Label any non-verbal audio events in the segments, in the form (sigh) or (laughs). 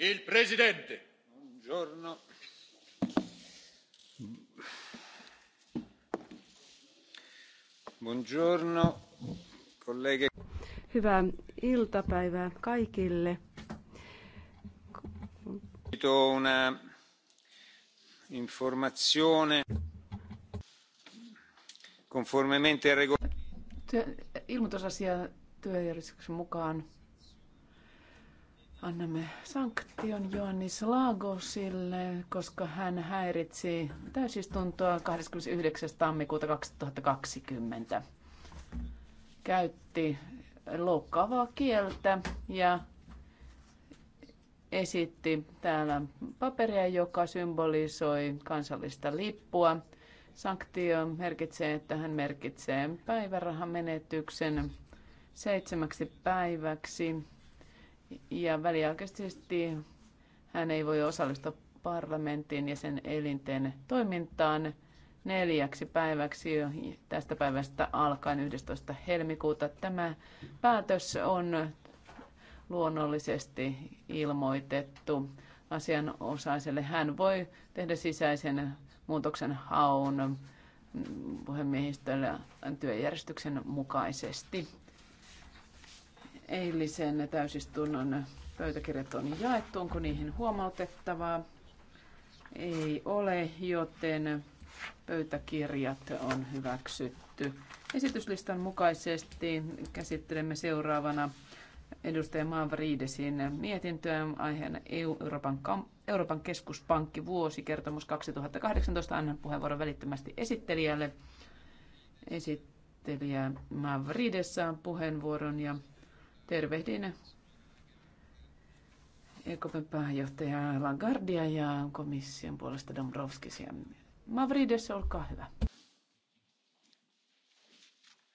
Il presidente. Buongiorno. Buongiorno, colleghe. Hyvää iltapäivää kaikille. Do una informazione conformemente al regolamento. Ilmoitusasia työjärjestyksen mukaan annamme sanktion Joannis Lagosille, koska hän häiritsi täysistuntoa 29. tammikuuta 2020. Käytti loukkaavaa kieltä ja esitti täällä paperia, joka symbolisoi kansallista lippua. Sanktio merkitsee, että hän merkitsee päivärahamenetyksen menetyksen seitsemäksi päiväksi ja väliaikaisesti hän ei voi osallistua parlamentin ja sen elinten toimintaan neljäksi päiväksi jo tästä päivästä alkaen 11. helmikuuta. Tämä päätös on luonnollisesti ilmoitettu asianosaiselle. Hän voi tehdä sisäisen muutoksen haun puhemiehistölle työjärjestyksen mukaisesti. Eilisen täysistunnon pöytäkirjat on jaettu. Onko niihin huomautettavaa? Ei ole, joten pöytäkirjat on hyväksytty. Esityslistan mukaisesti käsittelemme seuraavana edustaja Maavriidesin mietintöä aiheena EU, Euroopan, Euroopan keskuspankki vuosikertomus 2018. Annan puheenvuoron välittömästi esittelijälle. Esittelijä Mavrides saa puheenvuoron ja Tervehdin EKPn pääjohtaja Lagardia ja komission puolesta Dombrovskisia. Mavrides, olkaa hyvä.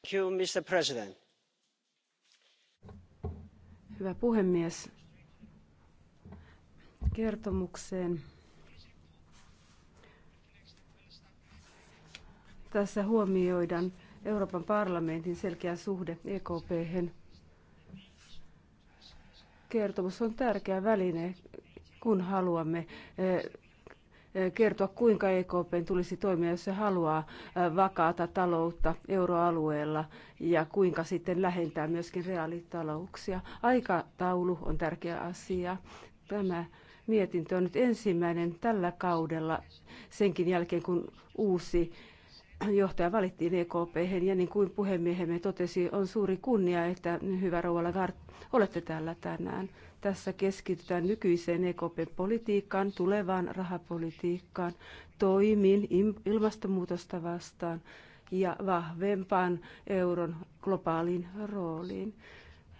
Thank you, Mr. President. Hyvä puhemies. Kertomukseen. Tässä huomioidaan Euroopan parlamentin selkeä suhde EKP:hen kertomus on tärkeä väline, kun haluamme eh, eh, kertoa, kuinka EKP tulisi toimia, jos se haluaa eh, vakaata taloutta euroalueella ja kuinka sitten lähentää myöskin reaalitalouksia. Aikataulu on tärkeä asia. Tämä mietintö on nyt ensimmäinen tällä kaudella senkin jälkeen, kun uusi johtaja valittiin EKP, ja niin kuin puhemiehemme totesi, on suuri kunnia, että hyvä Rouva Lagarde, olette täällä tänään. Tässä keskitytään nykyiseen EKP-politiikkaan, tulevaan rahapolitiikkaan, toimiin ilmastonmuutosta vastaan ja vahvempaan euron globaaliin rooliin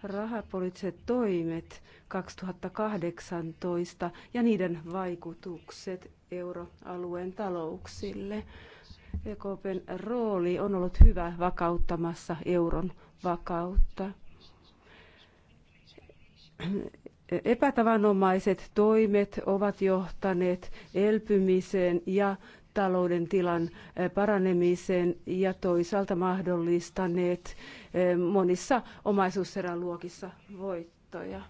rahapoliittiset toimet 2018 ja niiden vaikutukset euroalueen talouksille. EKPn rooli on ollut hyvä vakauttamassa euron vakautta. Epätavanomaiset toimet ovat johtaneet elpymiseen ja talouden tilan paranemiseen ja toisaalta mahdollistaneet monissa omaisuuserän luokissa voittoja.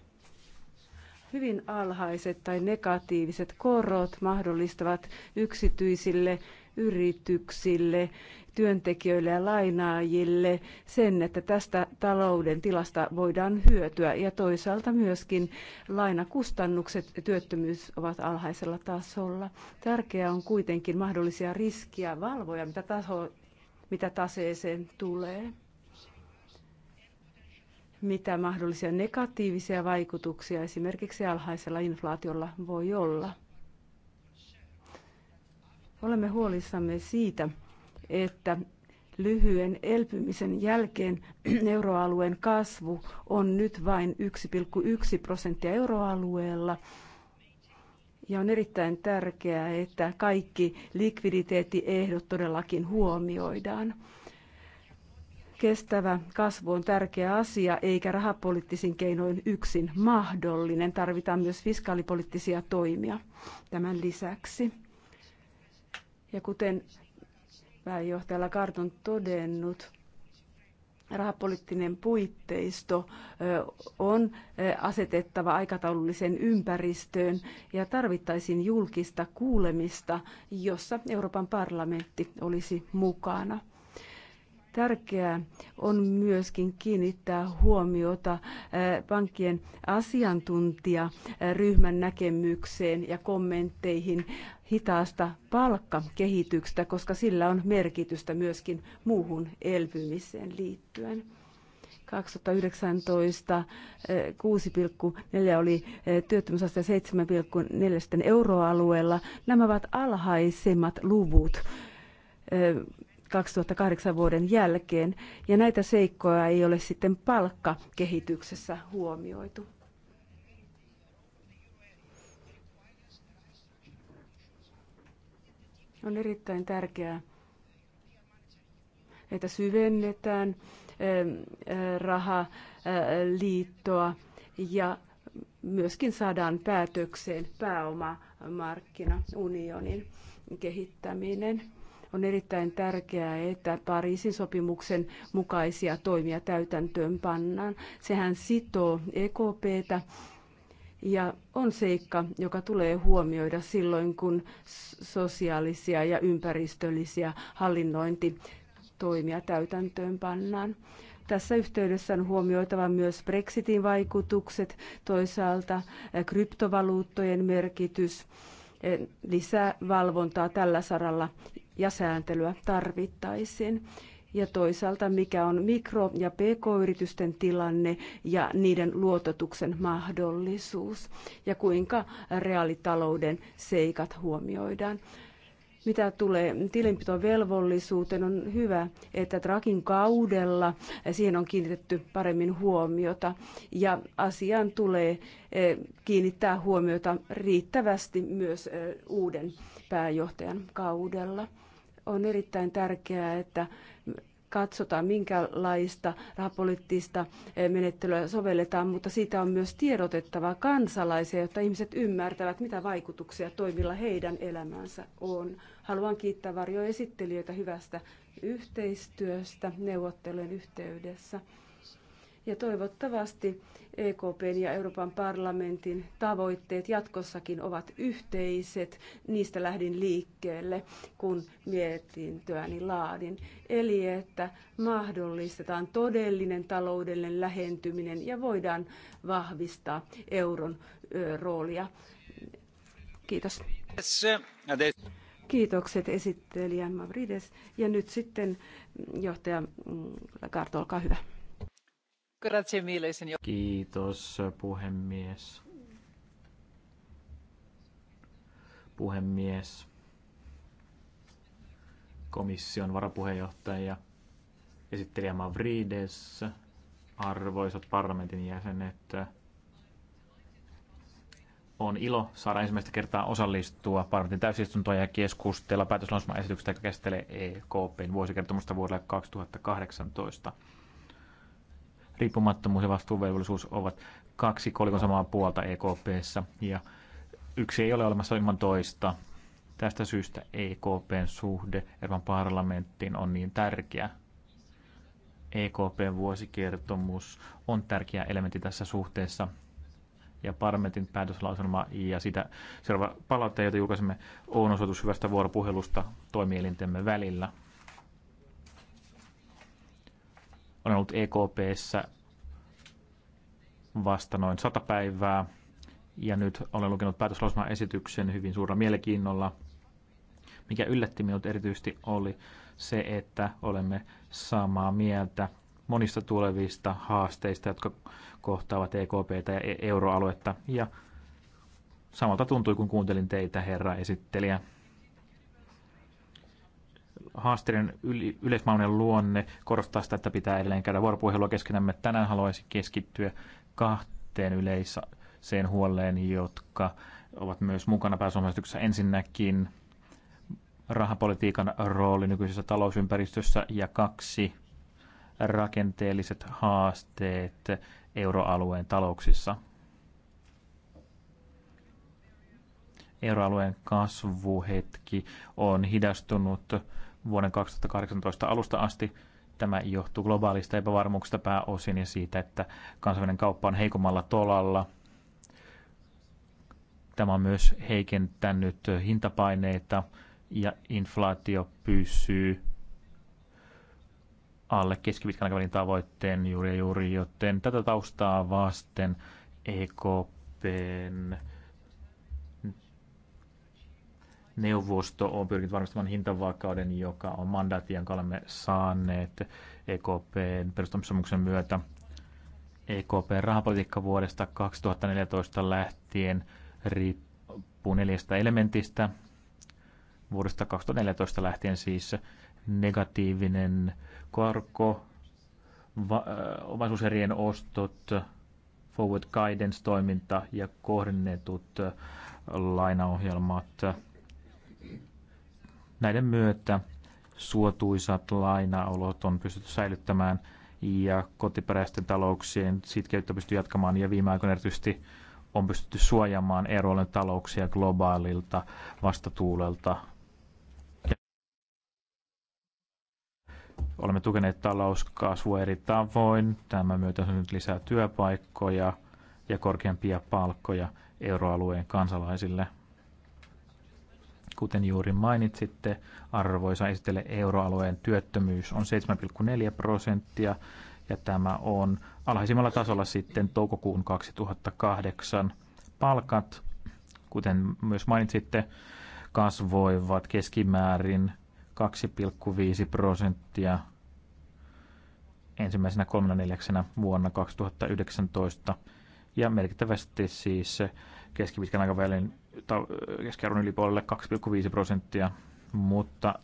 Hyvin alhaiset tai negatiiviset korot mahdollistavat yksityisille yrityksille, työntekijöille ja lainaajille sen, että tästä talouden tilasta voidaan hyötyä ja toisaalta myöskin lainakustannukset ja työttömyys ovat alhaisella tasolla. Tärkeää on kuitenkin mahdollisia riskiä valvoja, mitä, taso, mitä taseeseen tulee mitä mahdollisia negatiivisia vaikutuksia esimerkiksi alhaisella inflaatiolla voi olla. Olemme huolissamme siitä, että lyhyen elpymisen jälkeen (clears throat) euroalueen kasvu on nyt vain 1,1 prosenttia euroalueella. Ja on erittäin tärkeää, että kaikki likviditeettiehdot todellakin huomioidaan. Kestävä kasvu on tärkeä asia, eikä rahapoliittisin keinoin yksin mahdollinen. Tarvitaan myös fiskaalipoliittisia toimia tämän lisäksi ja kuten pääjohtajalla Karton todennut, rahapoliittinen puitteisto on asetettava aikataulullisen ympäristöön ja tarvittaisiin julkista kuulemista, jossa Euroopan parlamentti olisi mukana. Tärkeää on myöskin kiinnittää huomiota pankkien asiantuntijaryhmän näkemykseen ja kommentteihin hitaasta palkkakehityksestä, koska sillä on merkitystä myöskin muuhun elpymiseen liittyen. 2019 6,4 oli työttömyysaste 7,4 euroalueella. Nämä ovat alhaisemmat luvut 2008 vuoden jälkeen, ja näitä seikkoja ei ole sitten palkkakehityksessä huomioitu. On erittäin tärkeää, että syvennetään ähm, äh, rahaliittoa ja myöskin saadaan päätökseen pääomamarkkinaunionin kehittäminen. On erittäin tärkeää, että Pariisin sopimuksen mukaisia toimia täytäntöön pannaan. Sehän sitoo EKPtä ja on seikka, joka tulee huomioida silloin, kun sosiaalisia ja ympäristöllisiä hallinnointitoimia täytäntöön pannaan. Tässä yhteydessä on huomioitava myös Brexitin vaikutukset, toisaalta eh, kryptovaluuttojen merkitys, eh, lisävalvontaa tällä saralla ja sääntelyä tarvittaisiin ja toisaalta mikä on mikro- ja pk-yritysten tilanne ja niiden luototuksen mahdollisuus ja kuinka reaalitalouden seikat huomioidaan. Mitä tulee tilinpitovelvollisuuteen, on hyvä, että Trakin kaudella siihen on kiinnitetty paremmin huomiota ja asiaan tulee eh, kiinnittää huomiota riittävästi myös eh, uuden pääjohtajan kaudella. On erittäin tärkeää, että katsotaan, minkälaista rahapoliittista eh, menettelyä sovelletaan, mutta siitä on myös tiedotettava kansalaisia, jotta ihmiset ymmärtävät, mitä vaikutuksia toimilla heidän elämäänsä on. Haluan kiittää varjoesittelijöitä hyvästä yhteistyöstä neuvottelujen yhteydessä. Ja toivottavasti EKPn ja Euroopan parlamentin tavoitteet jatkossakin ovat yhteiset. Niistä lähdin liikkeelle, kun mietintöäni laadin. Eli että mahdollistetaan todellinen taloudellinen lähentyminen ja voidaan vahvistaa euron roolia. Kiitos. Kiitokset esittelijä Mavrides. Ja nyt sitten johtaja Lagarde, olkaa hyvä. Kiitos puhemies. Puhemies, komission varapuheenjohtaja, esittelijä Mavrides, arvoisat parlamentin jäsenet, on ilo saada ensimmäistä kertaa osallistua parlamentin täysistuntoon ja keskustella esityksestä, joka käsittelee EKPn vuosikertomusta vuodelle 2018. Riippumattomuus ja vastuuvelvollisuus ovat kaksi kolikon samaa puolta EKPssä ja yksi ei ole olemassa ilman toista. Tästä syystä EKPn suhde Euroopan parlamenttiin on niin tärkeä. EKPn vuosikertomus on tärkeä elementti tässä suhteessa ja parlamentin päätöslauselma ja sitä seuraava palautte, jota julkaisemme, on osoitus hyvästä vuoropuhelusta toimielintemme välillä. Olen ollut EKPssä vasta noin sata päivää ja nyt olen lukenut päätöslauselman esityksen hyvin suurella mielenkiinnolla. Mikä yllätti minut erityisesti oli se, että olemme samaa mieltä monista tulevista haasteista, jotka kohtaavat EKPtä ja e- euroaluetta. Ja samalta tuntui, kun kuuntelin teitä, herra esittelijä. Haasteiden yleismaailman luonne korostaa sitä, että pitää edelleen käydä vuoropuhelua keskenämme. Tänään haluaisin keskittyä kahteen yleiseen huoleen, jotka ovat myös mukana pääsuomaistuksessa. Ensinnäkin rahapolitiikan rooli nykyisessä talousympäristössä ja kaksi – rakenteelliset haasteet euroalueen talouksissa. Euroalueen kasvuhetki on hidastunut vuoden 2018 alusta asti. Tämä johtuu globaalista epävarmuuksista pääosin ja siitä, että kansainvälinen kauppa on heikommalla tolalla. Tämä on myös heikentänyt hintapaineita ja inflaatio pysyy alle keskipitkän aikavälin tavoitteen juuri ja juuri, joten tätä taustaa vasten EKPn neuvosto on pyrkinyt varmistamaan hintavakauden, joka on mandaatti, jonka olemme saaneet EKPn perustamissopimuksen myötä. EKPn rahapolitiikka vuodesta 2014 lähtien riippuu neljästä elementistä. Vuodesta 2014 lähtien siis negatiivinen korko, va- äh, omaisuuserien ostot, forward guidance-toiminta ja kohdennetut äh, lainaohjelmat. Näiden myötä suotuisat lainaolot on pystytty säilyttämään ja kotiperäisten talouksien sitkeyttä pysty jatkamaan ja viime aikoina erityisesti on pystytty suojaamaan euroalueen talouksia globaalilta vastatuulelta Olemme tukeneet talouskasvua eri tavoin. Tämä myötä on nyt lisää työpaikkoja ja korkeampia palkkoja euroalueen kansalaisille. Kuten juuri mainitsitte, arvoisa esitelle euroalueen työttömyys on 7,4 prosenttia ja tämä on alhaisimmalla tasolla sitten toukokuun 2008 palkat, kuten myös mainitsitte, kasvoivat keskimäärin 2,5 prosenttia ensimmäisenä kolmena neljäksenä vuonna 2019 ja merkittävästi siis keskipitkän aikavälin keskiarvon ylipuolelle 2,5 prosenttia, mutta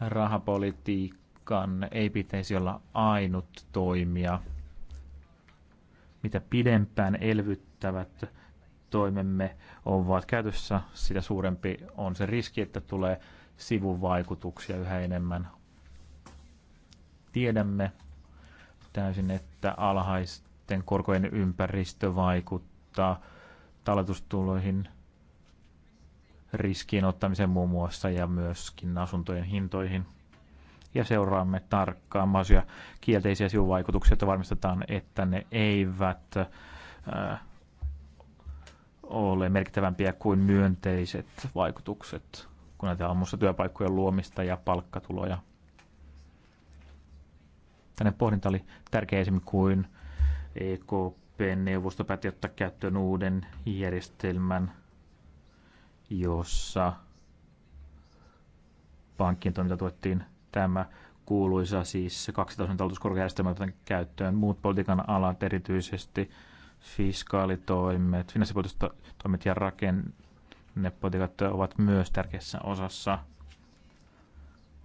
rahapolitiikan ei pitäisi olla ainut toimija. Mitä pidempään elvyttävät toimemme ovat käytössä, sitä suurempi on se riski, että tulee sivuvaikutuksia yhä enemmän. Tiedämme täysin, että alhaisten korkojen ympäristö vaikuttaa talletustuloihin, riskiin ottamiseen muun muassa ja myöskin asuntojen hintoihin. Ja seuraamme tarkkaan mahdollisia kielteisiä sivuvaikutuksia, että varmistetaan, että ne eivät äh, ole merkittävämpiä kuin myönteiset vaikutukset kun ajatellaan muussa työpaikkojen luomista ja palkkatuloja. Tänne pohdinta oli tärkeä esimerkiksi kuin EKP-neuvosto päätti ottaa käyttöön uuden järjestelmän, jossa pankkien toiminta tuettiin tämä kuuluisa siis kaksitasoinen talutuskorkojärjestelmä otetaan käyttöön. Muut politiikan alat erityisesti fiskaalitoimet, finanssipoliittiset toimet ja raken, ne potilat ovat myös tärkeässä osassa.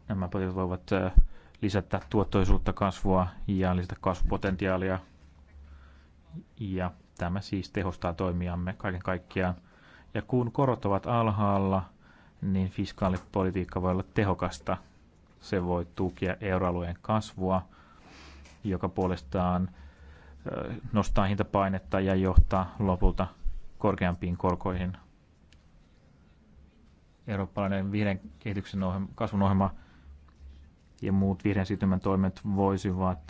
Nämä potilat voivat lisätä tuottoisuutta, kasvua ja lisätä kasvupotentiaalia. Ja tämä siis tehostaa toimiamme kaiken kaikkiaan. Ja kun korot ovat alhaalla, niin fiskaalipolitiikka voi olla tehokasta. Se voi tukea euroalueen kasvua, joka puolestaan nostaa hintapainetta ja johtaa lopulta korkeampiin korkoihin – eurooppalainen vihreän kehityksen ohjelma, kasvun ohjelma ja muut vihreän siirtymän toimet voisivat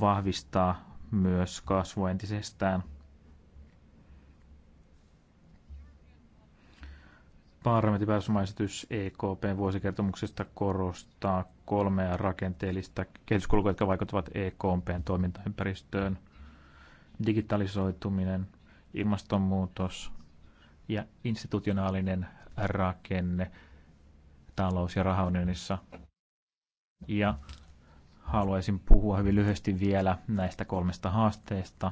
vahvistaa myös kasvua entisestään. Parlamentin EKP EKPn vuosikertomuksesta korostaa kolmea rakenteellista kehityskulkua, jotka vaikuttavat EKPn toimintaympäristöön. Digitalisoituminen, ilmastonmuutos ja institutionaalinen rakenne talous- ja rahaunionissa. Ja haluaisin puhua hyvin lyhyesti vielä näistä kolmesta haasteesta,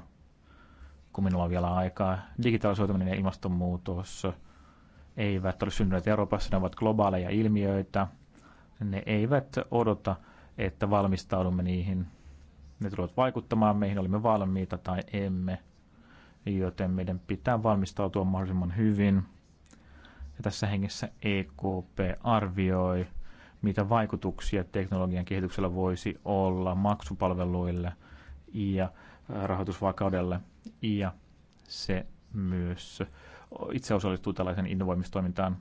kun minulla on vielä aikaa. Digitalisoituminen ja ilmastonmuutos eivät ole syntyneet Euroopassa, ne ovat globaaleja ilmiöitä. Ne eivät odota, että valmistaudumme niihin. Ne tulevat vaikuttamaan meihin, olimme valmiita tai emme – joten meidän pitää valmistautua mahdollisimman hyvin. Ja tässä hengessä EKP arvioi, mitä vaikutuksia teknologian kehityksellä voisi olla maksupalveluille ja äh, rahoitusvakaudelle. Ja se myös itse osallistuu tällaisen innovoimistoimintaan.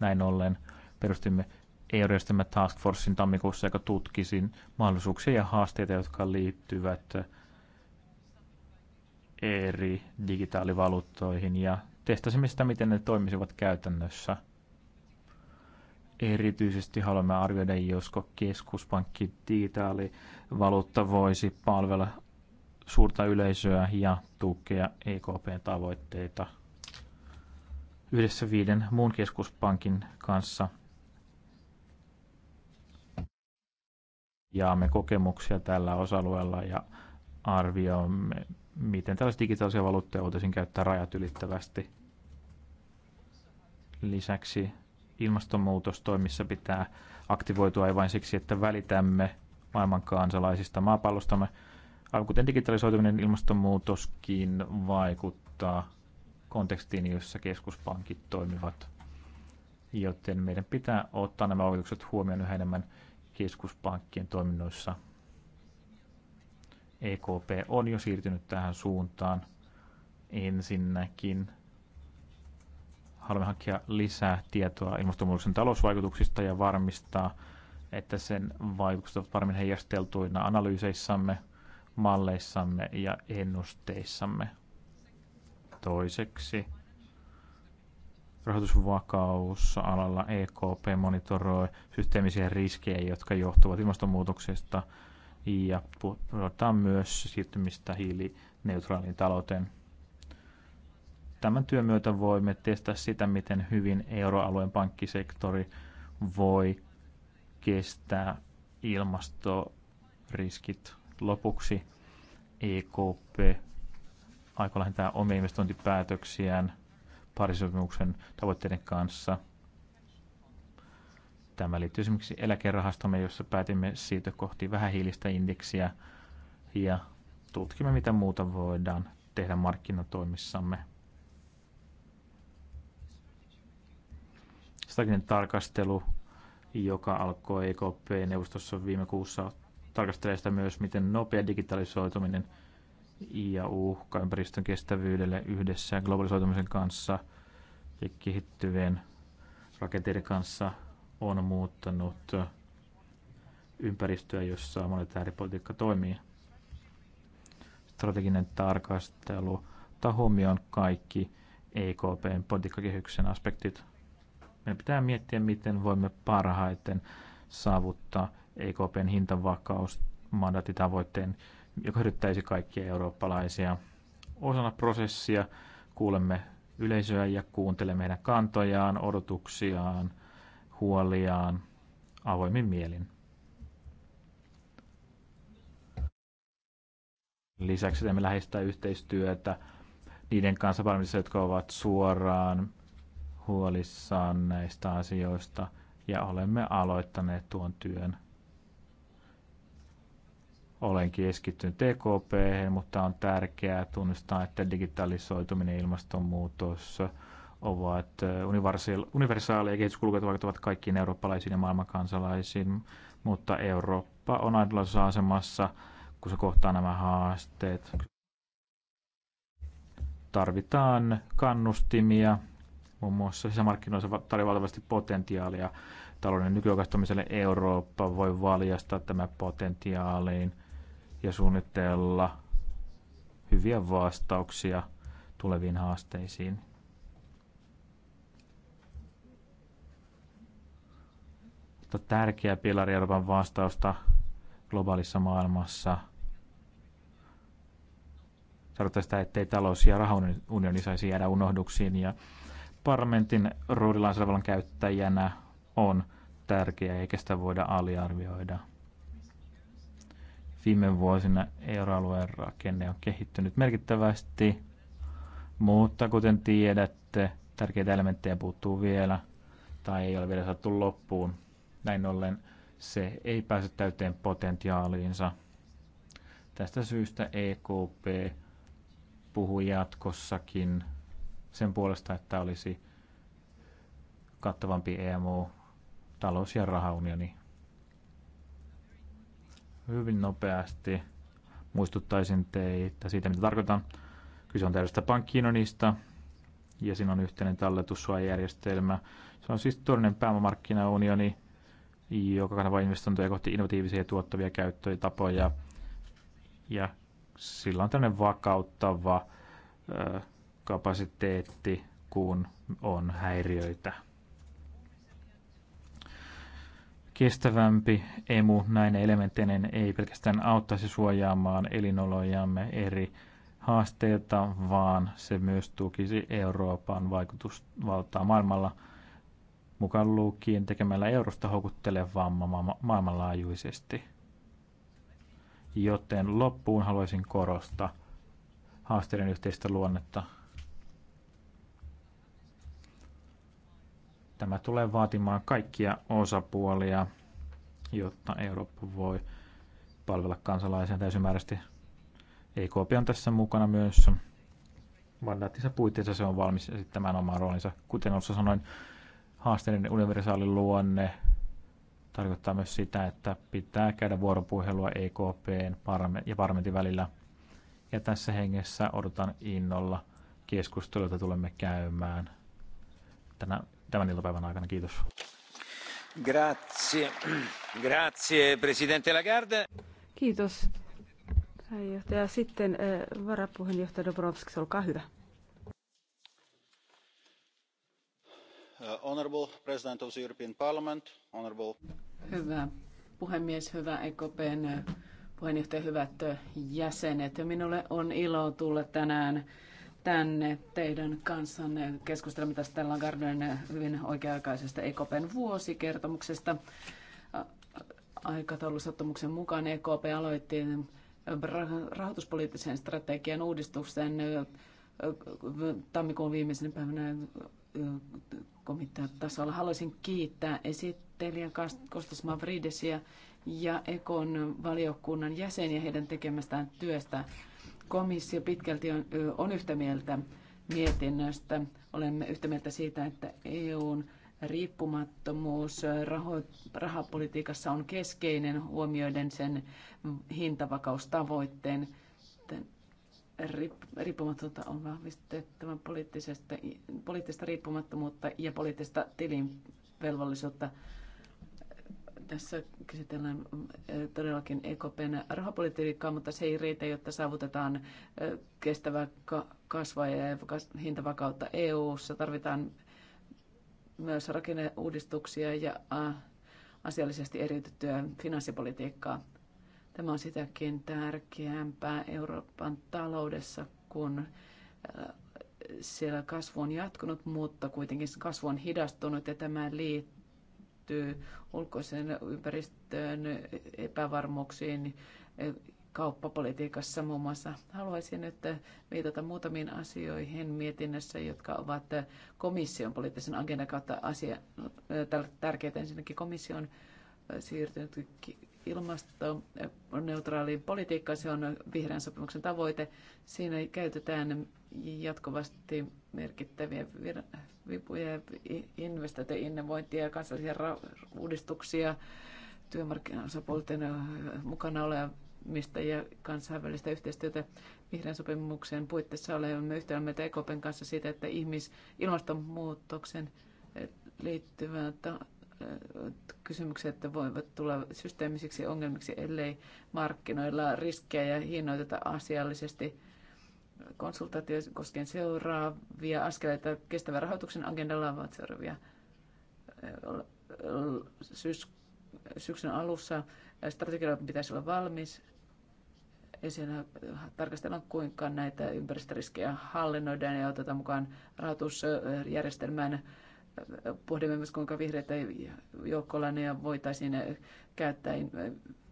Näin ollen perustimme EU-järjestelmä Task Forcein tammikuussa, joka tutkisi mahdollisuuksia ja haasteita, jotka liittyvät eri digitaalivaluuttoihin ja testasimme sitä, miten ne toimisivat käytännössä. Erityisesti haluamme arvioida, josko keskuspankki digitaalivaluutta voisi palvella suurta yleisöä ja tukea EKPn tavoitteita yhdessä viiden muun keskuspankin kanssa. Jaamme kokemuksia tällä osa-alueella ja arvioimme miten tällaisia digitaalisia valuuttoja voitaisiin käyttää rajat ylittävästi. Lisäksi toimissa pitää aktivoitua ei vain siksi, että välitämme maailman kansalaisista maapallostamme, kuten digitalisoituminen ilmastonmuutoskin vaikuttaa kontekstiin, jossa keskuspankit toimivat. Joten meidän pitää ottaa nämä vaikutukset huomioon yhä enemmän keskuspankkien toiminnoissa – EKP on jo siirtynyt tähän suuntaan. Ensinnäkin haluamme hakea lisää tietoa ilmastonmuutoksen talousvaikutuksista ja varmistaa, että sen vaikutukset ovat paremmin heijasteltuina analyyseissamme, malleissamme ja ennusteissamme. Toiseksi alalla EKP monitoroi systeemisiä riskejä, jotka johtuvat ilmastonmuutoksesta – ja puhutaan myös siirtymistä hiilineutraaliin talouteen. Tämän työn myötä voimme testata sitä, miten hyvin euroalueen pankkisektori voi kestää ilmastoriskit. Lopuksi EKP aikoo lähentää omia investointipäätöksiään parisopimuksen tavoitteiden kanssa – Tämä liittyy esimerkiksi eläkerahastomme, jossa päätimme siitä kohti vähähiilistä indeksiä ja tutkimme, mitä muuta voidaan tehdä markkinatoimissamme. Strateginen tarkastelu, joka alkoi EKP-neuvostossa viime kuussa, tarkastelee sitä myös, miten nopea digitalisoituminen ja uhka ympäristön kestävyydelle yhdessä globalisoitumisen kanssa ja kehittyvien rakenteiden kanssa on muuttanut ympäristöä, jossa monetaaripolitiikka toimii. Strateginen tarkastelu ottaa huomioon kaikki EKPn politiikkakehyksen aspektit. Meidän pitää miettiä, miten voimme parhaiten saavuttaa EKPn hintavakausmandaatitavoitteen, joka hyödyttäisi kaikkia eurooppalaisia. Osana prosessia kuulemme yleisöä ja kuuntelemme heidän kantojaan, odotuksiaan – huoliaan avoimin mielin. Lisäksi teemme läheistä yhteistyötä niiden kanssa varmissa, jotka ovat suoraan huolissaan näistä asioista, ja olemme aloittaneet tuon työn. Olen keskittynyt TKP, mutta on tärkeää tunnistaa, että digitalisoituminen ja ilmastonmuutos – ovat äh, universaaleja kehityskulkuja, vaikuttavat kaikkiin eurooppalaisiin ja maailmankansalaisiin, mutta Eurooppa on aidollisessa asemassa, kun se kohtaa nämä haasteet. Tarvitaan kannustimia, muun muassa sisämarkkinoissa tarjoaa valtavasti potentiaalia talouden nykyoikaistumiselle. Eurooppa voi valjastaa tämä potentiaaliin ja suunnitella hyviä vastauksia tuleviin haasteisiin. mutta tärkeä pilari Euroopan vastausta globaalissa maailmassa. Sanotaan sitä, ettei talous- ja rahaunioni saisi jäädä unohduksiin. Ja parlamentin rooli käyttäjänä on tärkeä, eikä sitä voida aliarvioida. Viime vuosina euroalueen rakenne on kehittynyt merkittävästi, mutta kuten tiedätte, tärkeitä elementtejä puuttuu vielä tai ei ole vielä saatu loppuun näin ollen se ei pääse täyteen potentiaaliinsa. Tästä syystä EKP puhui jatkossakin sen puolesta, että olisi kattavampi EMU, talous- ja rahaunioni. Hyvin nopeasti muistuttaisin teitä siitä, mitä tarkoitan. Kyse on täydestä pankkiinonista ja siinä on yhteinen talletussuojajärjestelmä. Se on siis todellinen pääomamarkkinaunioni, joka kanava investointeja kohti innovatiivisia ja tuottavia käyttötapoja. Ja sillä on tämmöinen vakauttava ö, kapasiteetti, kun on häiriöitä. Kestävämpi emu näine elementteinen ei pelkästään auttaisi suojaamaan elinolojamme eri haasteita vaan se myös tukisi Euroopan vaikutusvaltaa maailmalla – mukaan lukien tekemällä eurosta houkuttelevaa ma- maailmanlaajuisesti. Joten loppuun haluaisin korostaa haasteiden yhteistä luonnetta. Tämä tulee vaatimaan kaikkia osapuolia, jotta Eurooppa voi palvella kansalaisia täysimääräisesti. EKP on tässä mukana myös mandaattinsa puitteissa se on valmis esittämään oman roolinsa. Kuten Ossa sanoin, haasteellinen universaali luonne tarkoittaa myös sitä, että pitää käydä vuoropuhelua EKPn ja parlamentin välillä. Ja tässä hengessä odotan innolla keskustelua, jota tulemme käymään tänä, tämän iltapäivän aikana. Kiitos. Grazie. Grazie, presidente Lagarde. Kiitos, pääjohtaja. Sitten eh, varapuheenjohtaja Dobrovskis, olkaa hyvä. Uh, honorable Hyvä puhemies, hyvä EKPn uh, puheenjohtaja, hyvät uh, jäsenet. Minulle on ilo tulla tänään tänne teidän kanssanne keskustelemaan tästä Lagarden hyvin oikea-aikaisesta EKPn vuosikertomuksesta. Aikataulusattumuksen mukaan EKP aloitti rahoituspoliittisen strategian uudistuksen tammikuun viimeisenä päivänä komitean tasolla. Haluaisin kiittää esittelijä Kostas Mavridesia ja Ekon valiokunnan jäseniä heidän tekemästään työstä. Komissio pitkälti on, on yhtä mieltä mietinnöstä. Olemme yhtä mieltä siitä, että EUn riippumattomuus raho, rahapolitiikassa on keskeinen huomioiden sen hintavakaustavoitteen riippumattomuutta on vahvistettava poliittisesta, poliittista riippumattomuutta ja poliittista tilinvelvollisuutta. Tässä käsitellään todellakin EKPn rahapolitiikkaa, mutta se ei riitä, jotta saavutetaan kestävää kasvua ja hintavakautta EU-ssa. Tarvitaan myös rakenneuudistuksia ja asiallisesti eriytettyä finanssipolitiikkaa Tämä on sitäkin tärkeämpää Euroopan taloudessa, kun äh, siellä kasvu on jatkunut, mutta kuitenkin kasvu on hidastunut ja tämä liittyy ulkoisen ympäristöön epävarmuuksiin äh, kauppapolitiikassa muun muassa. Haluaisin nyt äh, viitata muutamiin asioihin mietinnössä, jotka ovat komission poliittisen agendan kautta asia, tärkeitä. Ensinnäkin komission siirtynyt ilmastoneutraaliin politiikkaan. Se on vihreän sopimuksen tavoite. Siinä käytetään jatkuvasti merkittäviä vipuja, investointeja, innovointia, kansallisia uudistuksia, työmarkkinaosapuolten mukana olemista ja kansainvälistä yhteistyötä. Vihreän sopimuksen puitteissa olemme yhtä mieltä EKPn kanssa siitä, että ihmis- ilmastonmuutoksen liittyvää ta- että voivat tulla systeemisiksi ongelmiksi, ellei markkinoilla riskejä hinnoiteta asiallisesti. Konsultaatio koskien seuraavia askeleita kestävän rahoituksen agendalla ovat seuraavia syys, syksyn alussa strategialla pitäisi olla valmis. siellä tarkastellaan, kuinka näitä ympäristöriskejä hallinnoidaan ja otetaan mukaan rahoitusjärjestelmään pohdimme myös, kuinka vihreitä joukkolainoja voitaisiin käyttää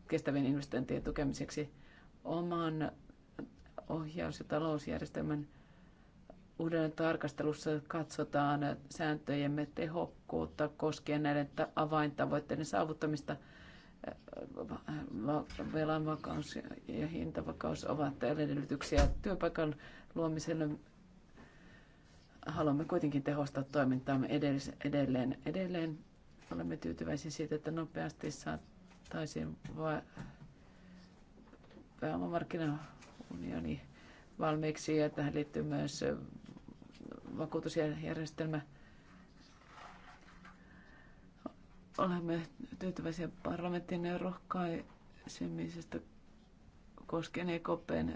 kestävien investointien tukemiseksi oman ohjaus- ja talousjärjestelmän uuden tarkastelussa katsotaan sääntöjemme tehokkuutta koskien näiden avaintavoitteiden saavuttamista. Velan vakaus ja hintavakaus ovat edellytyksiä työpaikan luomiselle haluamme kuitenkin tehostaa toimintaamme edelleen. Edelleen olemme tyytyväisiä siitä, että nopeasti saataisiin va- pääomamarkkinaunioni valmiiksi ja tähän liittyy myös vakuutusjärjestelmä. Olemme tyytyväisiä parlamentin rohkaisemisesta koskien EKPn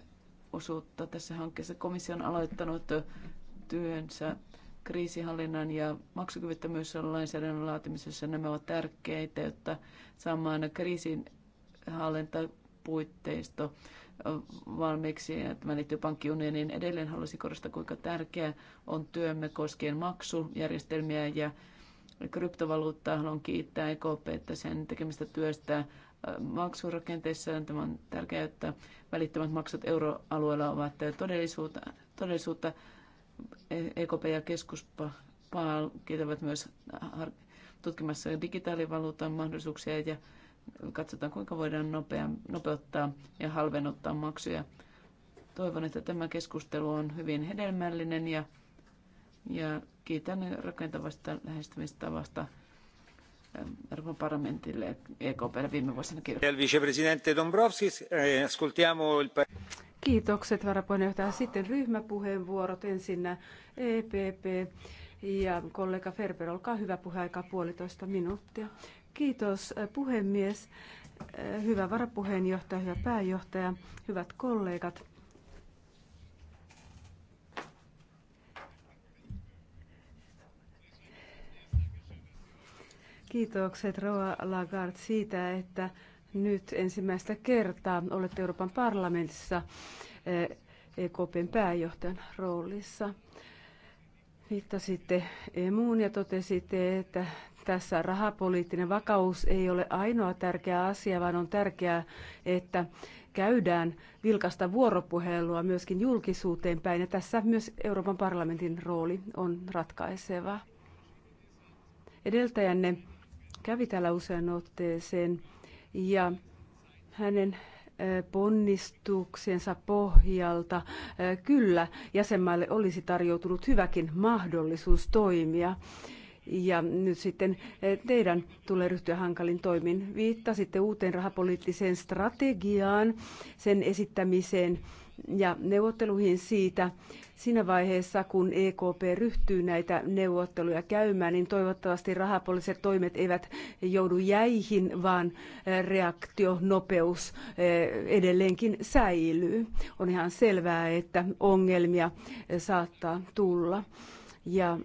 osuutta tässä hankkeessa. Komissio on aloittanut työnsä kriisihallinnan ja maksukyvyttömyyslainsäädännön laatimisessa. Nämä ovat tärkeitä, jotta saamaan kriisinhallintapuitteisto valmiiksi. Tämä liittyy pankkiunioniin. Edelleen haluaisin korostaa, kuinka tärkeää on työmme koskien maksujärjestelmiä ja kryptovaluuttaa. Haluan kiittää e että sen tekemistä työstä maksurakenteissa. Tämä on tärkeää, että välittömät maksut euroalueella ovat todellisuutta. todellisuutta EKP ja keskuspankit ovat myös tutkimassa digitaalivaluutan mahdollisuuksia ja katsotaan, kuinka voidaan nopea, nopeuttaa ja halvenuttaa maksuja. Toivon, että tämä keskustelu on hyvin hedelmällinen ja, ja kiitän rakentavasta lähestymistavasta ähm, Euroopan parlamentille EKPlle viime vuosina. Kiitos. Kiitokset varapuheenjohtaja. Sitten ryhmäpuheenvuorot ensinnä EPP ja kollega Ferber, olkaa hyvä puheaika puolitoista minuuttia. Kiitos eh, puhemies, eh, hyvä varapuheenjohtaja, hyvä pääjohtaja, hyvät kollegat. Kiitokset Roa Lagarde siitä, että nyt ensimmäistä kertaa olette Euroopan parlamentissa EKPn eh, e pääjohtajan roolissa. Viittasitte emuun ja totesitte, että tässä rahapoliittinen vakaus ei ole ainoa tärkeä asia, vaan on tärkeää, että käydään vilkasta vuoropuhelua myöskin julkisuuteen päin. Ja tässä myös Euroopan parlamentin rooli on ratkaiseva. Edeltäjänne kävi täällä usean otteeseen ja hänen ponnistuksensa pohjalta kyllä jäsenmaille olisi tarjoutunut hyväkin mahdollisuus toimia. Ja nyt sitten teidän tulee ryhtyä hankalin toimin. Viittasitte uuteen rahapoliittiseen strategiaan, sen esittämiseen ja neuvotteluihin siitä. Siinä vaiheessa, kun EKP ryhtyy näitä neuvotteluja käymään, niin toivottavasti rahapoliittiset toimet eivät joudu jäihin, vaan eh, reaktionopeus eh, edelleenkin säilyy. On ihan selvää, että ongelmia eh, saattaa tulla. Ja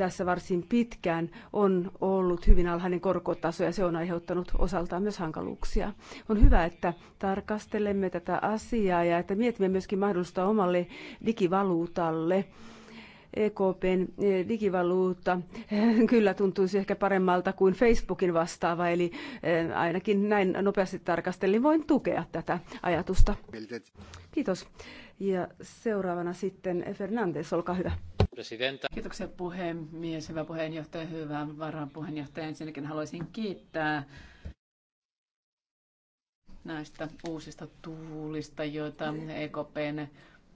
tässä varsin pitkään on ollut hyvin alhainen korkotaso ja se on aiheuttanut osaltaan myös hankaluuksia. On hyvä, että tarkastelemme tätä asiaa ja että mietimme myöskin mahdollista omalle digivaluutalle. EKPn e, digivaluutta (laughs) kyllä tuntuisi ehkä paremmalta kuin Facebookin vastaava, eli e, ainakin näin nopeasti tarkastelin, voin tukea tätä ajatusta. Kiitos. Ja seuraavana sitten Fernandes, olkaa hyvä presidenta. Kiitoksia puhemies, hyvä puheenjohtaja, hyvä varapuheenjohtaja. Ensinnäkin haluaisin kiittää näistä uusista tuulista, joita EKPn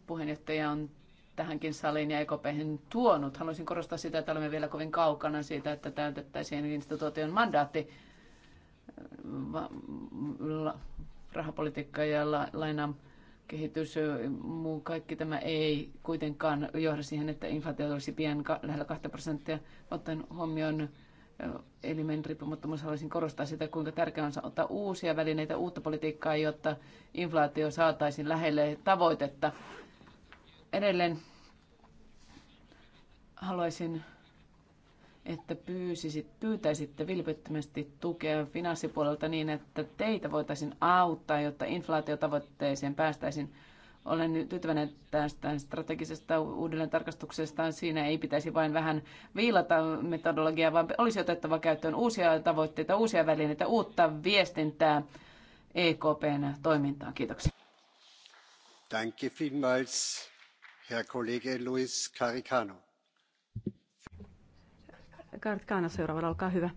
puheenjohtaja on tähänkin saliin ja EKPhen tuonut. Haluaisin korostaa sitä, että olemme vielä kovin kaukana siitä, että täytettäisiin instituution mandaatti rahapolitiikka ja la, kehitys, muu kaikki tämä ei kuitenkaan johda siihen, että inflaatio olisi pian lähellä 2 prosenttia. Ottaen huomioon elimen riippumattomuus, haluaisin korostaa sitä, kuinka tärkeää on ottaa uusia välineitä, uutta politiikkaa, jotta inflaatio saataisiin lähelle tavoitetta. Edelleen haluaisin että pyysisit, pyytäisitte vilpittömästi tukea finanssipuolelta niin, että teitä voitaisiin auttaa, jotta inflaatiotavoitteeseen päästäisiin. Olen nyt tyytyväinen tästä strategisesta uudelleen tarkastuksesta. Siinä ei pitäisi vain vähän viilata metodologiaa, vaan olisi otettava käyttöön uusia tavoitteita, uusia välineitä, uutta viestintää EKPn toimintaan. Kiitoksia. Danke vielmals, Herr Kollege Luis Caricano Gart Kaana seuraavalla, olkaa hyvä.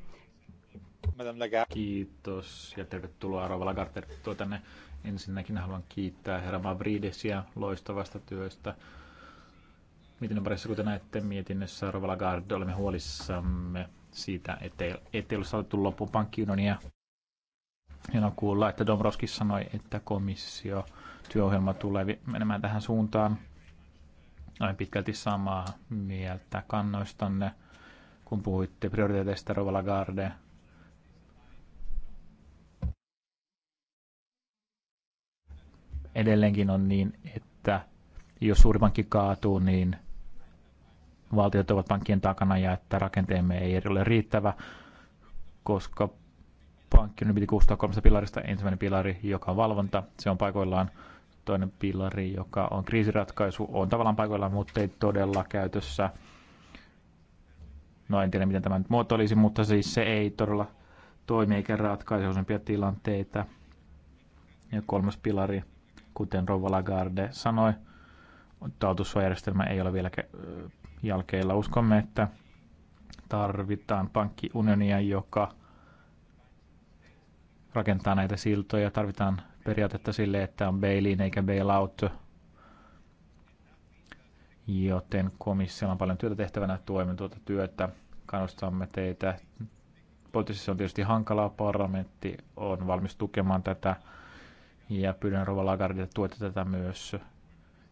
Kiitos ja tervetuloa Rova Lagarde tuo tänne. Ensinnäkin haluan kiittää herra Mavridesia loistavasta työstä. Miten parissa, kuten näette mietinnössä, Rovala Lagarde, olemme huolissamme siitä, ettei, ettei ole saatu loppuun pankkiunionia. Hienoa kuulla, että Dombrovskis sanoi, että komissio työohjelma tulee menemään tähän suuntaan. Olen pitkälti samaa mieltä kannoistanne kun puhuitte prioriteeteista Rovala Garde. Edelleenkin on niin, että jos suuripankki kaatuu, niin valtiot ovat pankkien takana ja että rakenteemme ei ole riittävä, koska pankki on piti kuustaa kolmesta pilarista. Ensimmäinen pilari, joka on valvonta, se on paikoillaan. Toinen pilari, joka on kriisiratkaisu, on tavallaan paikoillaan, mutta ei todella käytössä No en tiedä, miten tämä nyt muotoilisi, mutta siis se ei todella toimi eikä ratkaise useampia tilanteita. Ja kolmas pilari, kuten Rova Lagarde sanoi, taltussuojajärjestelmä ei ole vielä jälkeillä. Uskomme, että tarvitaan pankkiunionia, joka rakentaa näitä siltoja. Tarvitaan periaatetta sille, että on bail-in eikä bail-out joten komissiolla on paljon työtä tehtävänä, tuemme tuota työtä, kannustamme teitä. Poliittisesti on tietysti hankalaa, parlamentti on valmis tukemaan tätä ja pyydän Rova Lagardille tuota tätä myös.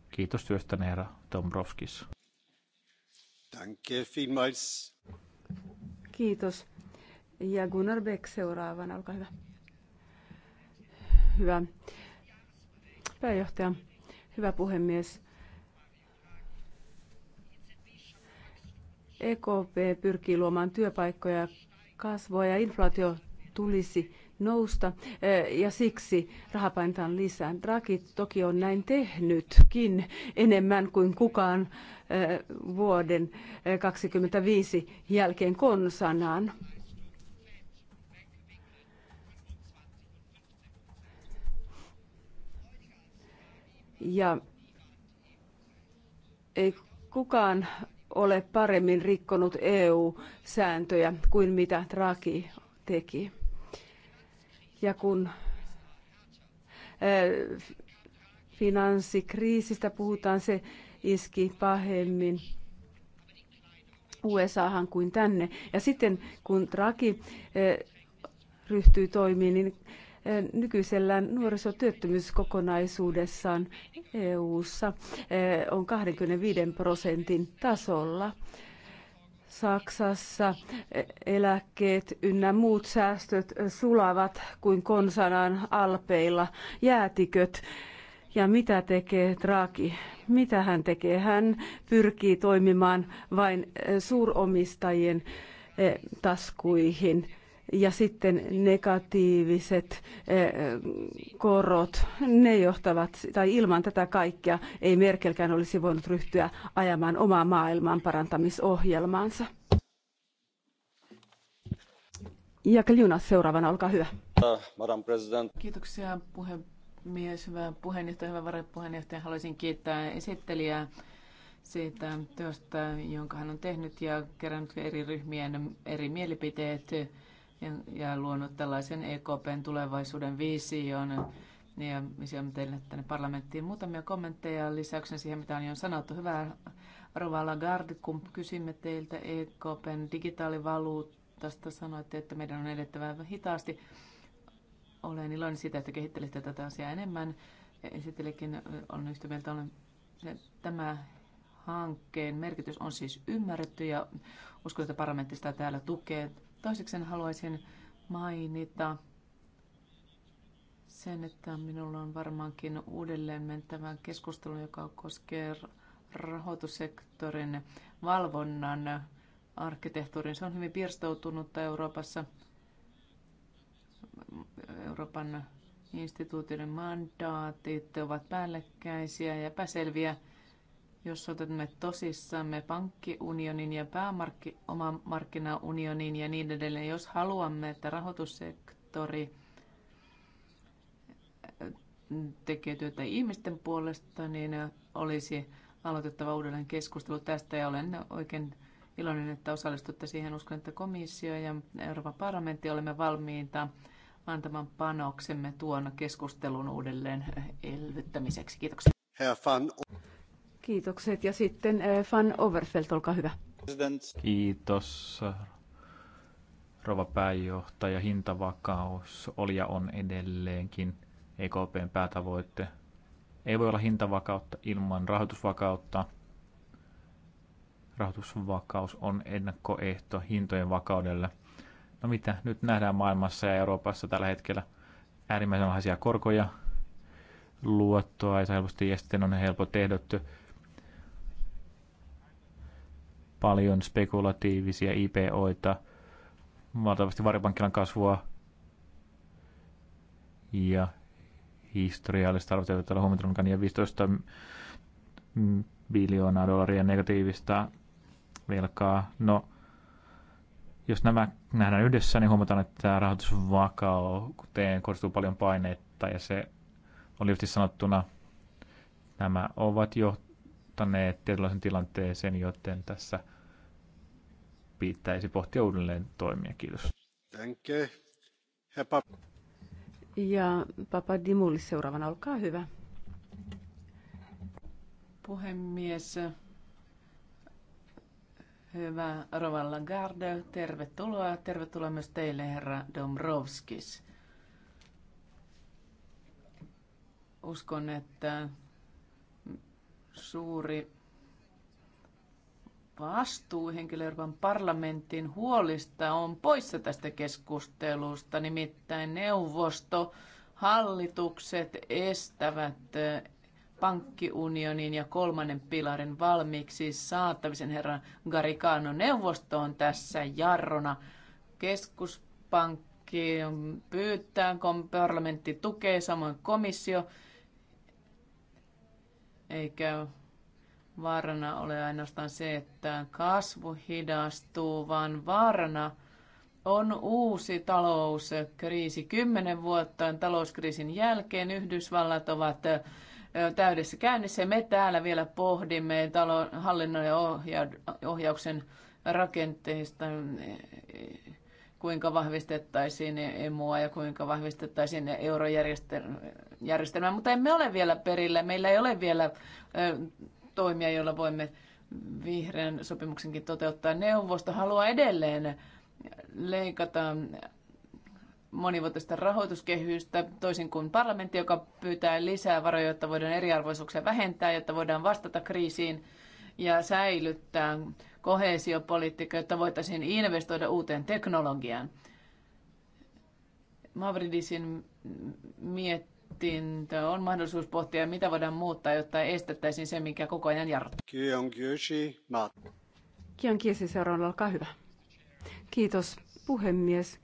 Kiitos työstä, herra Dombrovskis. Danke vielmals. Kiitos. Ja Gunnar Beck seuraavana, olkaa hyvä. Hyvä. Pääjohtaja, hyvä puhemies. EKP pyrkii luomaan työpaikkoja, kasvua ja inflaatio tulisi nousta eh, ja siksi rahapaintaan lisää. Draghi toki on näin tehnytkin enemmän kuin kukaan eh, vuoden 2025 eh, jälkeen konsanaan. Ja ei kukaan ole paremmin rikkonut EU-sääntöjä kuin mitä Draghi teki. Ja kun eh, finanssikriisistä puhutaan, se iski pahemmin USAhan kuin tänne. Ja sitten kun Draghi eh, ryhtyi toimiin, niin Nykyisellään nuorisotyöttömyys kokonaisuudessaan EU:ssa e, on 25 prosentin tasolla. Saksassa e, eläkkeet ynnä muut säästöt sulavat kuin konsanaan alpeilla jäätiköt. Ja mitä tekee Draghi? Mitä hän tekee? Hän pyrkii toimimaan vain e, suuromistajien taskuihin ja sitten negatiiviset eh, eh, korot, ne johtavat, tai ilman tätä kaikkea ei Merkelkään olisi voinut ryhtyä ajamaan omaa maailman parantamisohjelmaansa. Ja Kaljunas seuraavana, olkaa hyvä. Kiitoksia puhemies, hyvä puheenjohtaja, hyvä varapuheenjohtaja. Haluaisin kiittää esittelijää siitä työstä, jonka hän on tehnyt ja kerännyt eri ryhmien eri mielipiteet ja luonut tällaisen EKPn tulevaisuuden vision. Ja on teille tänne parlamenttiin muutamia kommentteja lisäyksen siihen, mitä on jo sanottu. Hyvää Rova Lagarde, kun kysymme teiltä EKPn digitaalivaluutasta, sanoitte, että meidän on edettävä hitaasti. Olen iloinen siitä, että kehittelette tätä asiaa enemmän. Esittelikin on yhtä mieltä, olen, tämä hankkeen merkitys on siis ymmärretty ja uskon, että parlamentti sitä täällä tukee. Toiseksi haluaisin mainita sen, että minulla on varmaankin uudelleen mentävä keskustelu, joka koskee rahoitussektorin valvonnan arkkitehtuurin. Se on hyvin pirstoutunutta Euroopassa. Euroopan instituutioiden mandaatit ovat päällekkäisiä ja epäselviä jos otamme tosissamme pankkiunionin ja päämarkkinaunionin ja niin edelleen, jos haluamme, että rahoitussektori eh, tekee työtä ihmisten puolesta, niin olisi aloitettava uudelleen keskustelu tästä ja olen oikein iloinen, että osallistutte siihen. Uskon, että komissio ja Euroopan parlamentti olemme valmiita antamaan panoksemme tuon keskustelun uudelleen elvyttämiseksi. Kiitoksia. Kiitokset. Ja sitten eh, Van Overfelt olkaa hyvä. Kiitos. Rova pääjohtaja, hintavakaus oli ja on edelleenkin EKPn päätavoitte. Ei voi olla hintavakautta ilman rahoitusvakautta. Rahoitusvakaus on ennakkoehto hintojen vakaudelle. No mitä nyt nähdään maailmassa ja Euroopassa tällä hetkellä? Äärimmäisen alhaisia korkoja, luottoa ei helposti ja sitten on helppo tehdottu paljon spekulatiivisia IPOita, valtavasti varjopankkilan kasvua ja historiallista arvot eivät ole huomioon ja 15 biljoonaa dollaria negatiivista velkaa. No, jos nämä nähdään yhdessä, niin huomataan, että rahoitusvakauteen kohdistuu paljon painetta ja se on sanottuna, nämä ovat jo johtaneet tietynlaisen tilanteeseen, joten tässä pitäisi pohtia uudelleen toimia. Kiitos. Danke. Ja Papa Dimulis seuraavana, olkaa hyvä. Puhemies, hyvä Rovalla Lagarde, tervetuloa. Tervetuloa myös teille, herra Domrovskis. Uskon, että suuri vastuuhenkilö Euroopan parlamentin huolista on poissa tästä keskustelusta, nimittäin neuvosto, hallitukset estävät eh, pankkiunionin ja kolmannen pilarin valmiiksi saattamisen. herran Garikano neuvosto on tässä jarrona. Keskuspankki pyytää, kun parlamentti tukee, samoin komissio eikä vaarana ole ainoastaan se, että kasvu hidastuu, vaan vaarana on uusi talouskriisi. Kymmenen vuotta talouskriisin jälkeen Yhdysvallat ovat täydessä käynnissä. Me täällä vielä pohdimme talon, hallinnon ja ohja, ohjauksen rakenteista kuinka vahvistettaisiin emua ja kuinka vahvistettaisiin eurojärjestelmää, mutta emme ole vielä perillä. Meillä ei ole vielä toimia, joilla voimme vihreän sopimuksenkin toteuttaa. Neuvosto haluaa edelleen leikata monivuotista rahoituskehystä, toisin kuin parlamentti, joka pyytää lisää varoja, jotta voidaan eriarvoisuuksia vähentää, jotta voidaan vastata kriisiin ja säilyttää kohesiopolitiikka, jotta voitaisiin investoida uuteen teknologiaan. Mavridisin mietintö on mahdollisuus pohtia, mitä voidaan muuttaa, jotta estettäisiin se, mikä koko ajan jarruttaa. Kiitos kiesi seuraavalla, olkaa hyvä. Kiitos puhemies.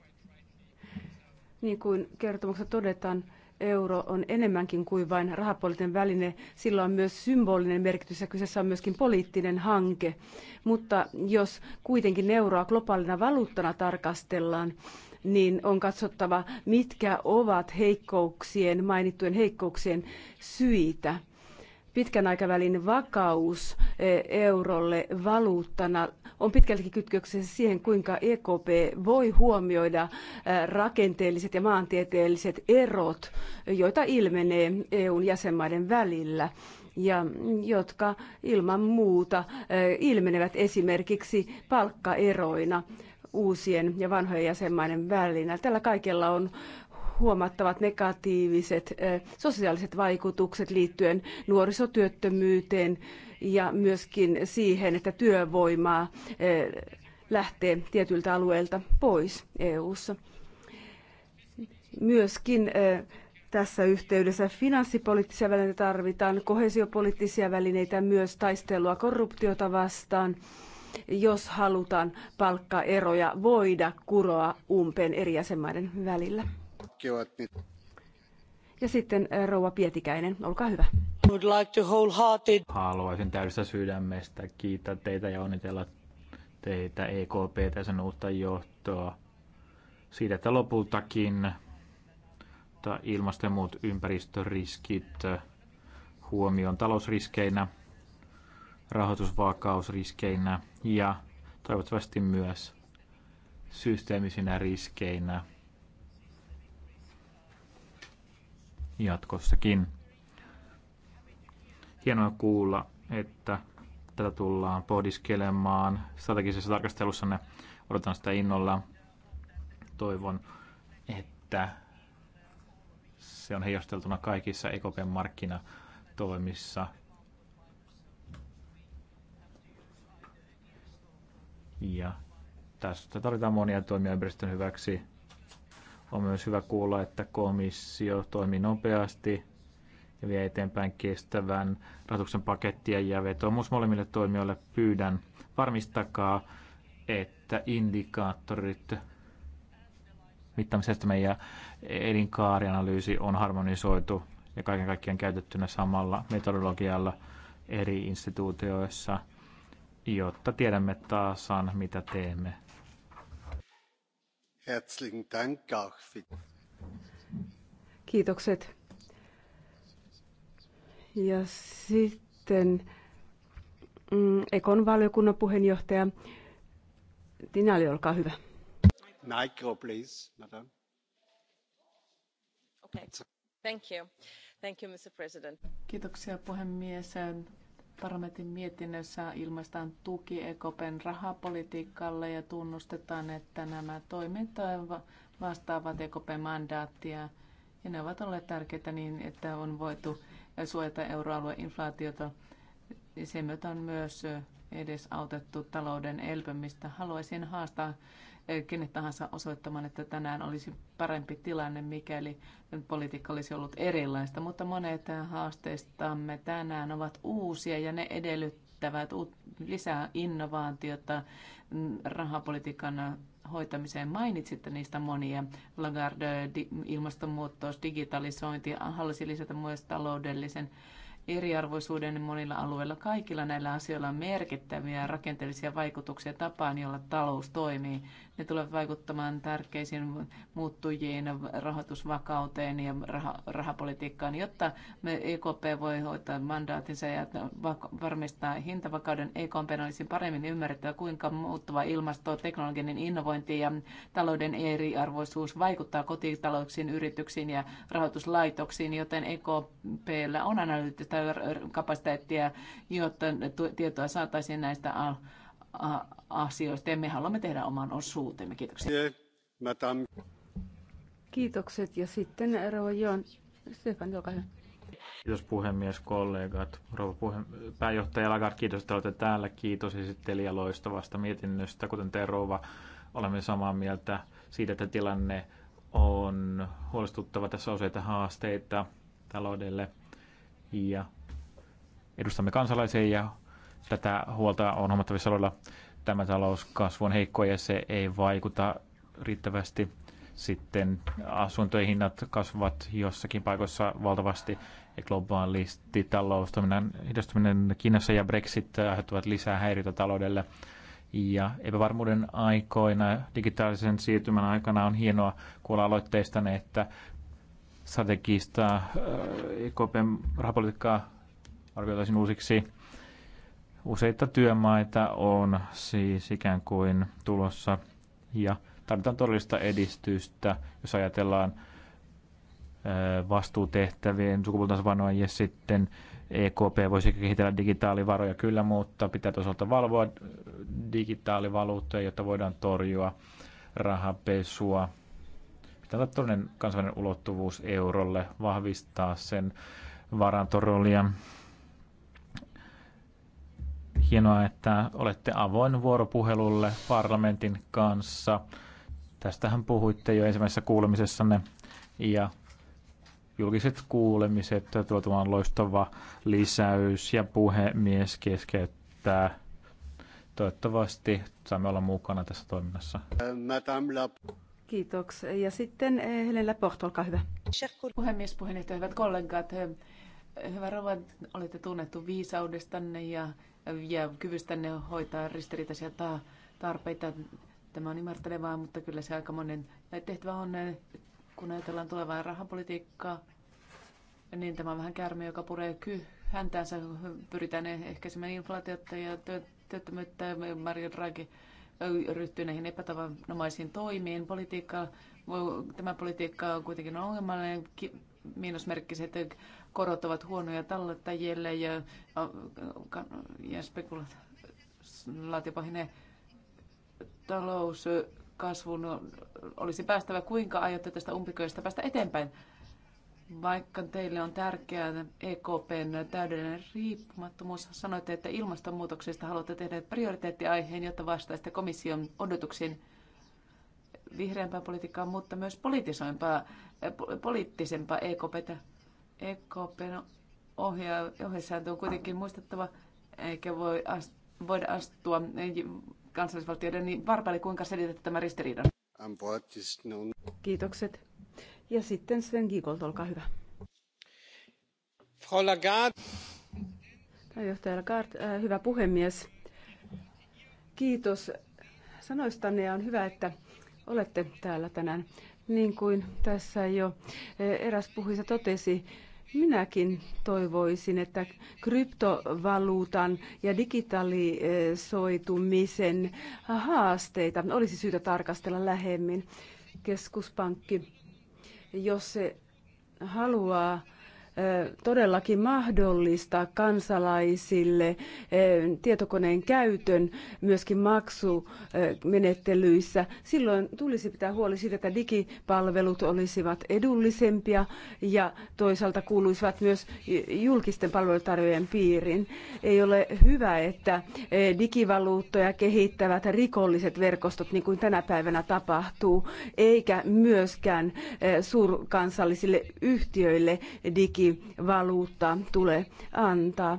Niin kuin kertomuksessa todetaan, euro on enemmänkin kuin vain rahapoliittinen väline. Sillä on myös symbolinen merkitys ja kyseessä on myöskin poliittinen hanke. Mutta jos kuitenkin euroa globaalina valuuttana tarkastellaan, niin on katsottava, mitkä ovat heikkouksien, mainittujen heikkouksien syitä pitkän aikavälin vakaus eh, eurolle valuuttana on pitkälti kytköksessä siihen, kuinka EKP voi huomioida eh, rakenteelliset ja maantieteelliset erot, joita ilmenee EUn jäsenmaiden välillä ja jotka ilman muuta eh, ilmenevät esimerkiksi palkkaeroina uusien ja vanhojen jäsenmaiden välillä. Tällä kaikella on huomattavat negatiiviset sosiaaliset vaikutukset liittyen nuorisotyöttömyyteen ja myöskin siihen, että työvoimaa lähtee tietyiltä alueilta pois EU:ssa. Myöskin tässä yhteydessä finanssipoliittisia välineitä tarvitaan, kohesiopoliittisia välineitä myös taistelua korruptiota vastaan jos halutaan palkkaeroja voida kuroa umpeen eri jäsenmaiden välillä. Ja sitten rouva Pietikäinen, olkaa hyvä. Would like to Haluaisin täydestä sydämestä kiittää teitä ja onnitella teitä EKP ja sen uutta johtoa siitä, että lopultakin ilmasto ja muut ympäristöriskit huomioon talousriskeinä, rahoitusvakausriskeinä ja toivottavasti myös systeemisinä riskeinä jatkossakin. Hienoa kuulla, että tätä tullaan pohdiskelemaan strategisessa tarkastelussanne. Odotan sitä innolla. Toivon, että se on heijasteltuna kaikissa Ekopen markkinatoimissa. Ja tässä tarvitaan monia toimia ympäristön hyväksi. On myös hyvä kuulla, että komissio toimii nopeasti ja vie eteenpäin kestävän rahoituksen pakettia ja vetoomus molemmille toimijoille pyydän varmistakaa, että indikaattorit mittaamisesta ja elinkaarianalyysi on harmonisoitu ja kaiken kaikkiaan käytettynä samalla metodologialla eri instituutioissa, jotta tiedämme tasan, mitä teemme. Herzlichen Dank auch. Kiitokset. Ja sitten mm, Ekon valiokunnan puheenjohtaja Tinali, olkaa hyvä. Micro, please, madam. Okay. Thank you. Thank you, Mr. President. Kiitoksia puhemies. Parlamentin mietinnössä ilmaistaan tuki EKPn rahapolitiikalle ja tunnustetaan, että nämä toimet vastaavat EKPn mandaattia ja ne ovat olleet tärkeitä niin, että on voitu suojata euroalueen inflaatiota. Sen myötä on myös edesautettu talouden elpymistä. Haluaisin haastaa kenet tahansa osoittamaan, että tänään olisi parempi tilanne, mikäli politiikka olisi ollut erilaista. Mutta monet haasteistamme tänään ovat uusia ja ne edellyttävät lisää innovaatiota mm, rahapolitiikan hoitamiseen. Mainitsitte niistä monia. Lagarde, ilmastonmuutos, digitalisointi, halusi lisätä myös taloudellisen eriarvoisuuden monilla alueilla. Kaikilla näillä asioilla on merkittäviä rakenteellisia vaikutuksia tapaan, jolla talous toimii. Ne tulevat vaikuttamaan tärkeisiin muuttujiin, rahoitusvakauteen ja rah- rahapolitiikkaan, jotta me EKP voi hoitaa mandaatinsa ja varmistaa hintavakauden. EKP olisi paremmin ymmärrettävä, kuinka muuttuva ilmasto, teknologinen innovointi ja talouden eriarvoisuus vaikuttaa kotitalouksiin, yrityksiin ja rahoituslaitoksiin, joten EKPllä on analyyttistä taloudellista kapasiteettia, jotta tietoa saataisiin näistä asioista. Ja me haluamme tehdä oman osuutemme. Kiitoksia. Kiitokset ja sitten Joon. Stefan, olkaa hyvä. Kiitos puhemies, kollegat, rouva puhe, pääjohtaja Lagarde, kiitos, että olette täällä. Kiitos esittelijä loistavasta mietinnöstä. Kuten te rouva, olemme samaa mieltä siitä, että tilanne on huolestuttava. Tässä on useita haasteita taloudelle ja edustamme kansalaisia ja tätä huolta on huomattavissa aloilla. tämä talouskasvu on heikko ja se ei vaikuta riittävästi sitten asuntojen hinnat kasvavat jossakin paikoissa valtavasti ja globaalisti taloustoiminnan hidastuminen Kiinassa ja Brexit aiheuttavat lisää häiriötä taloudelle. Ja epävarmuuden aikoina, digitaalisen siirtymän aikana on hienoa kuulla aloitteistanne, että strategista EKPn eh, e rahapolitiikkaa arvioitaisiin uusiksi. Useita työmaita on siis ikään kuin tulossa ja tarvitaan todellista edistystä, jos ajatellaan eh, vastuutehtävien sukupuolten ja sitten EKP voisi kehitellä digitaalivaroja kyllä, mutta pitää toisaalta valvoa digitaalivaluuttoja, jotta voidaan torjua rahapesua tällä toinen kansainvälinen ulottuvuus eurolle vahvistaa sen varantoroolia. Hienoa, että olette avoin vuoropuhelulle parlamentin kanssa. Tästähän puhuitte jo ensimmäisessä kuulemisessanne ja julkiset kuulemiset tuotuvan loistava lisäys ja puhemies keskeyttää. Toivottavasti saamme olla mukana tässä toiminnassa. Madame la... Kiitos. Ja sitten eh, Helen Laporte, olkaa hyvä. Puhemies, puheenjohtaja, hyvät kollegat. Eh, hyvä Rova, olette tunnettu viisaudestanne ja, ja kyvystänne hoitaa ristiriitaisia ta- tarpeita. Tämä on ymmärtelevää, mutta kyllä se aika monen tehtävä on, eh, kun ajatellaan tulevaa rahapolitiikkaa, niin tämä on vähän käärme, joka puree ky- häntäänsä. Pyritään ehkäisemään inflaatiota ja työttömyyttä. Mario Draghi ryhtyy näihin epätavanomaisiin toimiin. Politiikka, tämä politiikka on kuitenkin ongelmallinen. Miinusmerkkiset korot ovat huonoja tallettajille ja, ja spekulaatiopahinen talouskasvun olisi päästävä. Kuinka aiotte tästä umpiköistä päästä eteenpäin? Vaikka teille on tärkeää EKPn täydellinen riippumattomuus, sanoitte, että ilmastonmuutoksesta haluatte tehdä prioriteettiaiheen, jotta vastaisitte komission odotuksiin vihreämpää politiikkaa, mutta myös politisoimpaa, poliittisempaa EKPtä. Eh, e EKPn no, ohjesääntö on kuitenkin muistettava, eikä voi ast, voida astua kansallisvaltioiden niin varpaille. Kuinka selitätte tämän ristiriidan? Kiitokset. Ja sitten Sven Giegold, olkaa hyvä. Frau Lagarde. Pääjohtaja Lagarde, äh, hyvä puhemies. Kiitos sanoistanne ja on hyvä, että olette täällä tänään. Niin kuin tässä jo äh, eräs puhuja totesi, Minäkin toivoisin, että kryptovaluutan ja digitalisoitumisen haasteita olisi syytä tarkastella lähemmin. Keskuspankki jos se haluaa todellakin mahdollistaa kansalaisille tietokoneen käytön myöskin maksumenettelyissä. Silloin tulisi pitää huoli siitä, että digipalvelut olisivat edullisempia ja toisaalta kuuluisivat myös julkisten palvelutarjoajien piiriin. Ei ole hyvä, että digivaluuttoja kehittävät rikolliset verkostot, niin kuin tänä päivänä tapahtuu, eikä myöskään suurkansallisille yhtiöille digi digivaluutta tule antaa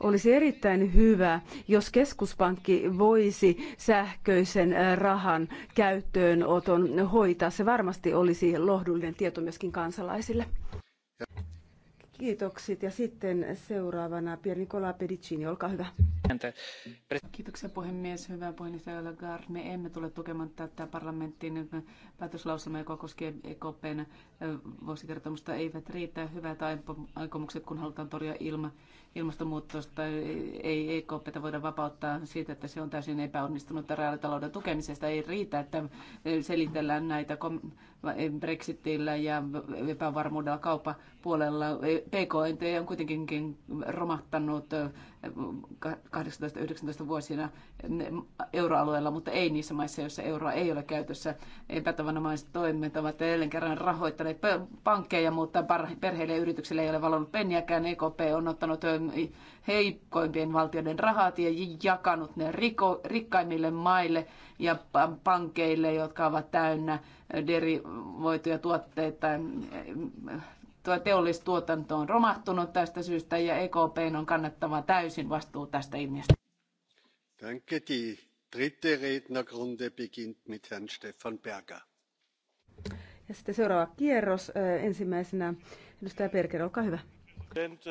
olisi erittäin hyvä, jos keskuspankki voisi sähköisen äh, rahan käyttöönoton hoitaa. Se varmasti olisi lohdullinen tieto myöskin kansalaisille. Kiitokset ja sitten seuraavana Pier Nicola Pedicini, olkaa hyvä. Kiitoksia puhemies. Hyvä puheenjohtaja Lagarde. Me emme tule tukemaan tätä parlamenttiin päätöslauselmaa, joka koskee EKPn vuosikertomusta. Eivät riitä hyvät aikomukset, kun halutaan torjua ilma, ilmastonmuutosta. Ei EKPtä voida vapauttaa siitä, että se on täysin epäonnistunut reaalitalouden tukemisesta. Ei riitä, että selitellään näitä Brexitillä ja epävarmuudella kauppapuolella. PKNT on kuitenkin romahtanut 18-19 vuosina euroalueella, mutta ei niissä maissa, joissa euroa ei ole käytössä. Epätavanomaiset toimet ovat jälleen kerran rahoittaneet pankkeja, mutta perheille ja yrityksille ei ole valonnut penniäkään. EKP on ottanut heikoimpien valtioiden rahat ja jakanut ne riko, rikkaimmille maille ja pankeille, jotka ovat täynnä derivoituja tuotteita teollistuotanto on romahtunut tästä syystä ja EKP on kannattava täysin vastuu tästä ilmiöstä. Danke, die dritte Rednerrunde beginnt mit Herrn Stefan Berger. Ja sitten seuraava kierros. Äh, ensimmäisenä edustaja Berger, olkaa hyvä.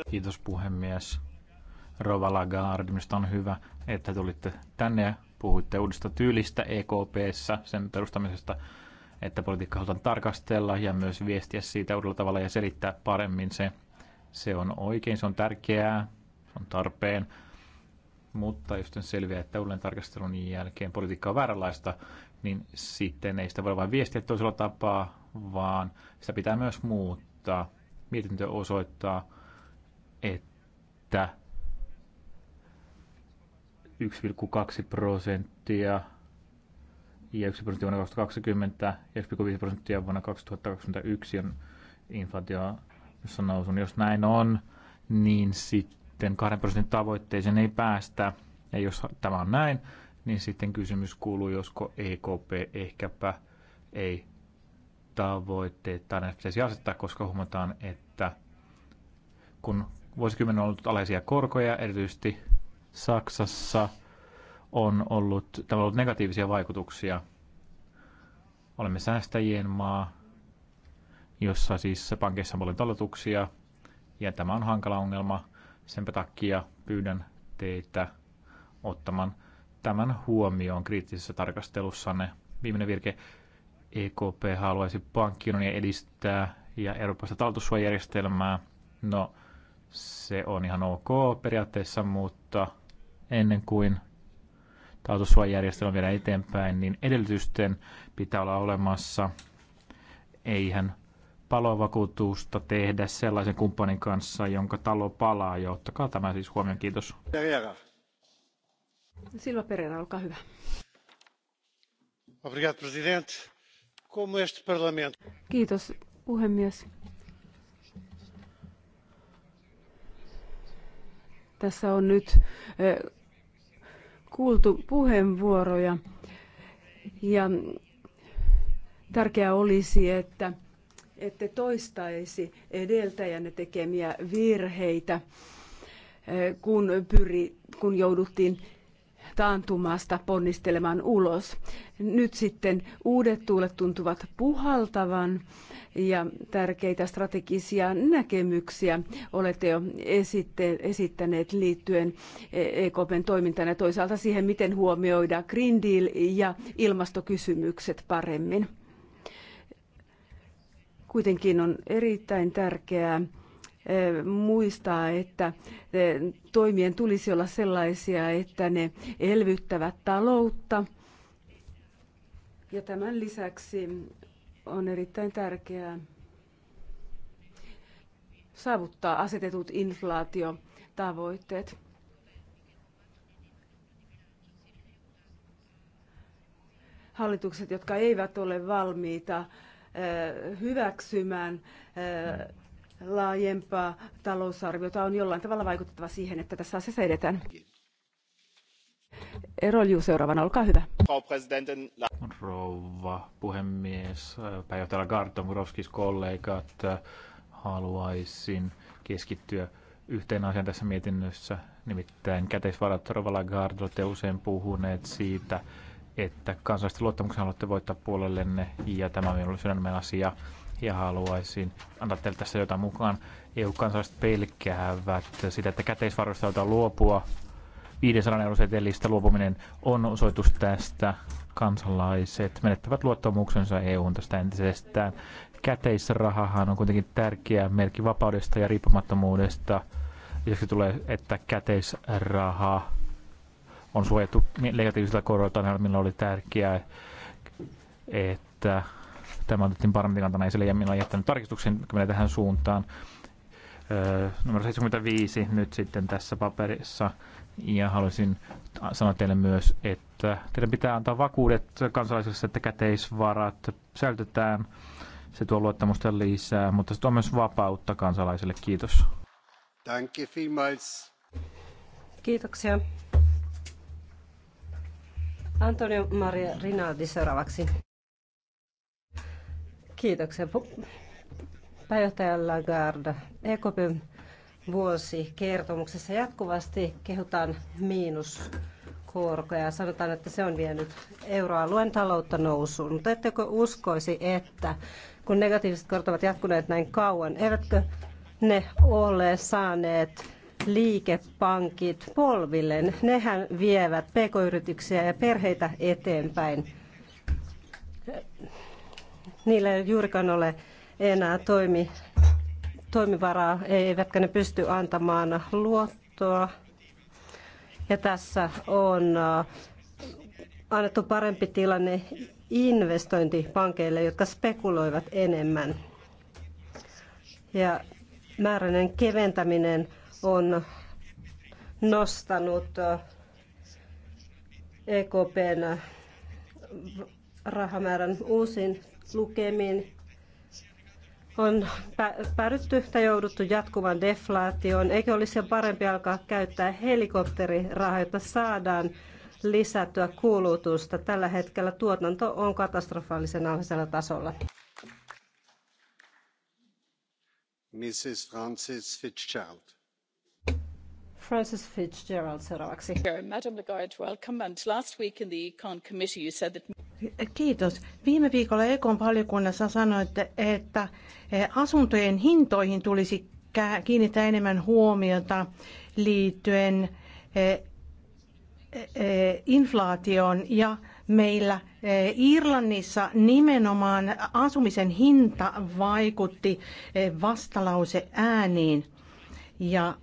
Kiitos puhemies. Rova Lagarde, minusta on hyvä, että tulitte tänne ja puhuitte uudesta tyylistä EKPssä, sen perustamisesta että politiikka halutaan tarkastella ja myös viestiä siitä uudella tavalla ja selittää paremmin se. Se on oikein, se on tärkeää, se on tarpeen. Mutta jos on selviää, että uudelleen tarkastelun jälkeen politiikka on vääränlaista, niin sitten ei sitä voi vain viestiä toisella tapaa, vaan sitä pitää myös muuttaa. Mietintö osoittaa, että 1,2 prosenttia ja 1 prosenttia vuonna 2020 ja 1,5 prosenttia vuonna 2021 on inflaatio, jossa nousun. Jos näin on, niin sitten 2 prosentin tavoitteeseen ei päästä. Ja jos tämä on näin, niin sitten kysymys kuuluu, josko EKP ehkäpä ei tavoitteita näitä pitäisi asettaa, koska huomataan, että kun vuosikymmenen on ollut alaisia korkoja, erityisesti Saksassa – on ollut, tämä on ollut negatiivisia vaikutuksia. Olemme säästäjien maa, jossa siis pankeissa on paljon talletuksia, ja tämä on hankala ongelma. Sen takia pyydän teitä ottamaan tämän huomioon kriittisessä tarkastelussanne. Viimeinen virke. EKP haluaisi pankkiunionia edistää ja eurooppalaista talletussuojajärjestelmää. No, se on ihan ok periaatteessa, mutta ennen kuin tautosuojajärjestelmä viedään eteenpäin, niin edellytysten pitää olla olemassa. Eihän palovakuutusta tehdä sellaisen kumppanin kanssa, jonka talo palaa, ja ottakaa tämä siis huomioon. Kiitos. Silva Pereira, olkaa hyvä. Obrigado, Presidente. Como este parlamento. Kiitos, puhemies. Tässä on nyt eh, kuultu puheenvuoroja ja tärkeää olisi, että ette toistaisi edeltäjänne tekemiä virheitä, eh, kun, pyri, kun jouduttiin taantumasta ponnistelemaan ulos. Nyt sitten uudet tuulet tuntuvat puhaltavan ja tärkeitä strategisia näkemyksiä olette jo esitte, esittäneet liittyen EKPn toimintaan ja toisaalta siihen, miten huomioida Green Deal ja ilmastokysymykset paremmin. Kuitenkin on erittäin tärkeää muistaa, että toimien tulisi olla sellaisia, että ne elvyttävät taloutta. Ja tämän lisäksi on erittäin tärkeää saavuttaa asetetut inflaatiotavoitteet. Hallitukset, jotka eivät ole valmiita hyväksymään laajempaa talousarviota on jollain tavalla vaikutettava siihen, että tässä asiassa edetään. Juu seuraavana, olkaa hyvä. Rouva puhemies, pääjohtaja Lagarde, Murovskis kollegat, haluaisin keskittyä yhteen asiaan tässä mietinnössä, nimittäin käteisvarat Rouva Lagarde, olette usein puhuneet siitä, että kansalaisten luottamuksen haluatte voittaa puolellenne, ja tämä on minulle sydämen asia ja haluaisin antaa teille tässä jotain mukaan. EU-kansalaiset pelkäävät sitä, että käteisvaroista luopua 500 setelistä luopuminen on osoitus tästä. Kansalaiset menettävät luottamuksensa EUn tästä entisestään. Käteisrahahan on kuitenkin tärkeä merkki vapaudesta ja riippumattomuudesta. Lisäksi tulee, että käteisraha on suojattu negatiivisilla koroilla, millä oli tärkeää, että Tämä otettiin paremmin kantana esille ja minä olen jättänyt tarkistuksen, kun menee tähän suuntaan. Öö, numero 75 nyt sitten tässä paperissa. Ja haluaisin sanoa teille myös, että teidän pitää antaa vakuudet kansalaisille, että käteisvarat säilytetään. Se tuo luottamusta lisää, mutta se tuo myös vapautta kansalaisille. Kiitos. Danke vielmals. Kiitoksia. Antonio Maria Rinaldi seuraavaksi. Kiitoksia. Pääjohtaja Lagarde, EKPn vuosikertomuksessa jatkuvasti kehutaan miinuskorkoja ja sanotaan, että se on vienyt euroalueen taloutta nousuun. Mutta ettekö uskoisi, että kun negatiiviset korot ovat jatkuneet näin kauan, eivätkö ne ole saaneet liikepankit polvilleen? Nehän vievät pk-yrityksiä ja perheitä eteenpäin niillä ei juurikaan ole enää toimi, toimivaraa, eivätkä ne pysty antamaan luottoa. Ja tässä on äh, annettu parempi tilanne investointipankeille, jotka spekuloivat enemmän. Ja määräinen keventäminen on nostanut äh, EKPn äh, rahamäärän uusiin lukemiin on päädytty tai jouduttu jatkuvan deflaatioon. Eikö olisi jo parempi alkaa käyttää helikopterirahaa, jotta saadaan lisättyä kulutusta? Tällä hetkellä tuotanto on katastrofaalisen alhaisella tasolla. Mrs. Francis Fitzgerald. Francis Fitzgerald seuraavaksi. Kiitos. Viime viikolla Ekon valiokunnassa sanoitte, että eh, asuntojen hintoihin tulisi kiinnittää enemmän huomiota liittyen eh, eh, inflaation ja meillä Irlannissa nimenomaan asumisen hinta vaikutti vastalause ääniin. Ja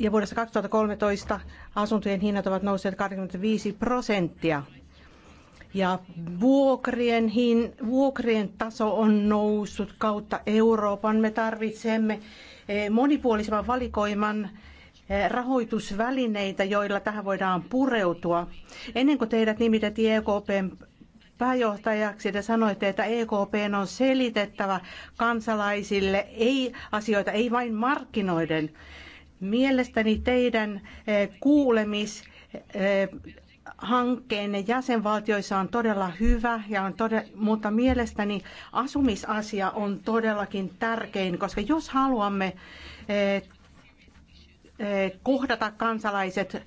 ja vuodesta 2013 asuntojen hinnat ovat nousseet 25 prosenttia. Ja vuokrien, hin, vuokrien taso on noussut kautta Euroopan. Me tarvitsemme eh, monipuolisemman valikoiman eh, rahoitusvälineitä, joilla tähän voidaan pureutua. Ennen kuin teidät nimitettiin EKPn pääjohtajaksi te sanoitte, että EKP on selitettävä kansalaisille ei, asioita, ei vain markkinoiden. Mielestäni teidän eh, kuulemis eh, jäsenvaltioissa on todella hyvä, ja on todella, mutta mielestäni asumisasia on todellakin tärkein, koska jos haluamme eh, kohdata kansalaiset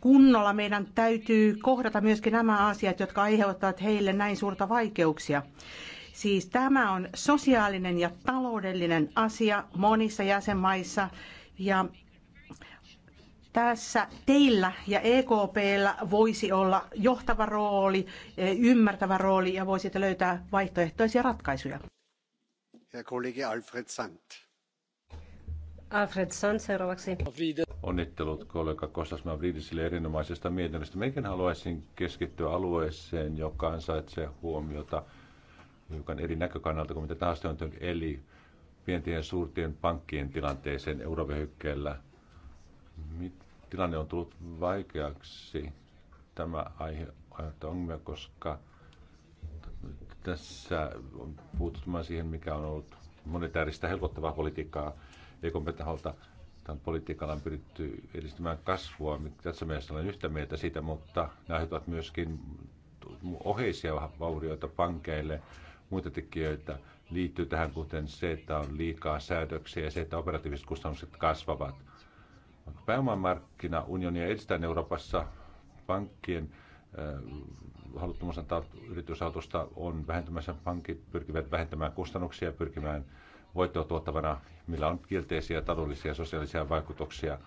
kunnolla, meidän täytyy kohdata myöskin nämä asiat, jotka aiheuttavat heille näin suurta vaikeuksia. Siis tämä on sosiaalinen ja taloudellinen asia monissa jäsenmaissa, ja tässä teillä ja EKPllä voisi olla johtava rooli, e, ymmärtävä rooli ja voisitte löytää vaihtoehtoisia ratkaisuja. Herr Kollege Alfred Sant. Alfred Sand seuraavaksi. Onnittelut kollega Kostas Mavridisille erinomaisesta mietinnöstä. Mekin haluaisin keskittyä alueeseen, joka ansaitsee huomiota hiukan eri näkökannalta kuin mitä tahansa on tehnyt, eli pientien ja suurtien pankkien tilanteeseen eurovyöhykkeellä tilanne on tullut vaikeaksi tämä aihe aiheuttaa ongelmia, koska tässä on puuttumaan siihen, mikä on ollut monetääristä helpottavaa politiikkaa EKPn taholta. Tämän politiikalla on pyritty edistämään kasvua. Tässä mielessä olen yhtä mieltä siitä, mutta näyttävät myöskin oheisia vaurioita pankeille. Muita tekijöitä liittyy tähän, kuten se, että on liikaa säädöksiä ja se, että operatiiviset kustannukset kasvavat – pääomamarkkinaunionia edistetään Euroopassa pankkien äh, haluttomuus yritysautosta on vähentymässä. Pankit pyrkivät vähentämään kustannuksia ja pyrkimään voittoa tuottavana, millä on kielteisiä taloudellisia ja sosiaalisia vaikutuksia.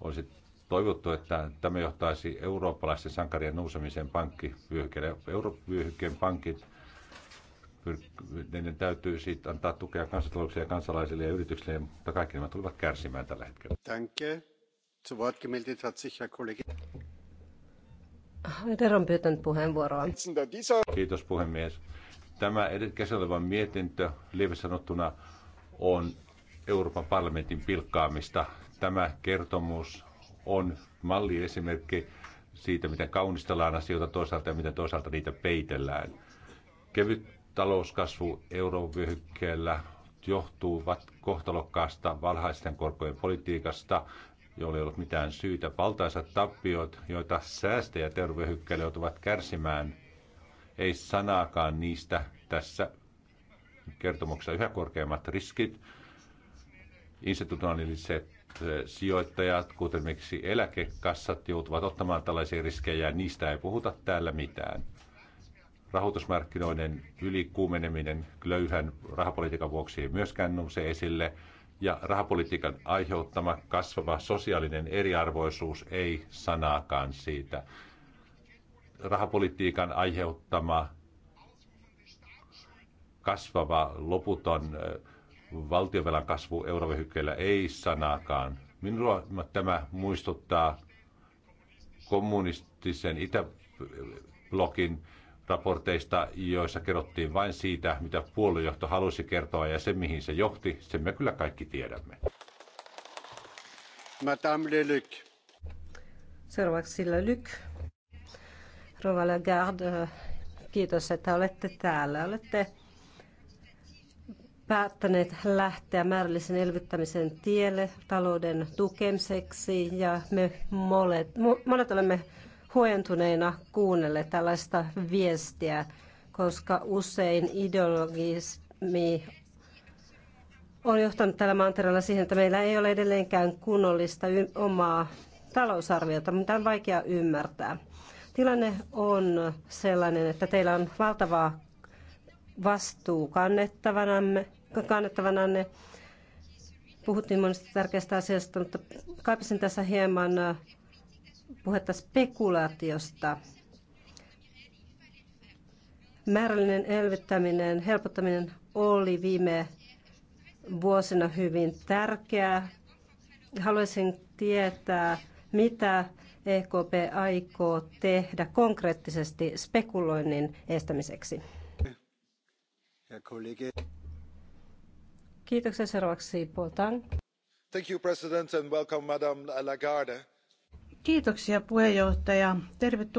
Olisi toivottu, että tämä johtaisi eurooppalaisten sankarien nousemiseen pankkivyöhykkeelle. Eurovyöhykkeen pankit niiden täytyy siitä antaa tukea kansantalouksille ja kansalaisille ja yrityksille, mutta kaikki nämä tulevat kärsimään tällä hetkellä. Danke. Zu Wort gemeldet hat sich Herr Kollege. puheenvuoroa. Kiitos puhemies. Tämä käsillä oleva mietintö liivessä sanottuna on Euroopan parlamentin pilkkaamista. Tämä kertomus on malliesimerkki siitä, miten kaunistellaan asioita toisaalta ja miten toisaalta niitä peitellään. Kevyt talouskasvu eurovyöhykkeellä johtuvat kohtalokkaasta valhaisten korkojen politiikasta, jolla ei ollut mitään syytä. Valtaisat tappiot, joita säästäjät eurovyöhykkeelle joutuvat kärsimään, ei sanaakaan niistä tässä kertomuksessa yhä korkeimmat riskit. Institutionaaliset eh, sijoittajat, kuten esimerkiksi eläkekassat, joutuvat ottamaan tällaisia riskejä ja niistä ei puhuta täällä mitään. Rahoitusmarkkinoiden ylikuumeneminen löyhän rahapolitiikan vuoksi ei myöskään nouse esille, ja rahapolitiikan aiheuttama kasvava sosiaalinen eriarvoisuus ei sanaakaan siitä. Rahapolitiikan aiheuttama kasvava loputon valtiovelan kasvu eurovehykkeellä ei sanaakaan. Minua tämä muistuttaa kommunistisen itäblokin raporteista, joissa kerrottiin vain siitä, mitä puoluejohto halusi kertoa ja se, mihin se johti, sen me kyllä kaikki tiedämme. Madame Lelyk. Seuraavaksi Lelyk. Rova Lagarde, kiitos, että olette täällä. Olette päättäneet lähteä määrällisen elvyttämisen tielle talouden tukemiseksi ja me monet, molet olemme huentuneina kuunnelle tällaista viestiä, koska usein ideologismi on johtanut tällä mantereella siihen, että meillä ei ole edelleenkään kunnollista omaa talousarviota, mitä on vaikea ymmärtää. Tilanne on sellainen, että teillä on valtavaa vastuu kannettavanamme, kannettavananne. Puhuttiin monesta tärkeästä asiasta, mutta kaipasin tässä hieman puhetta spekulaatiosta. Määrällinen elvyttäminen, helpottaminen oli viime vuosina hyvin tärkeää. Haluaisin tietää, mitä EKP aikoo tehdä konkreettisesti spekuloinnin estämiseksi. Kiitoksia seuraavaksi Tang. Thank you, President, and welcome, Madame Lagarde. Kiitoksia puheenjohtaja. Tervetuloa.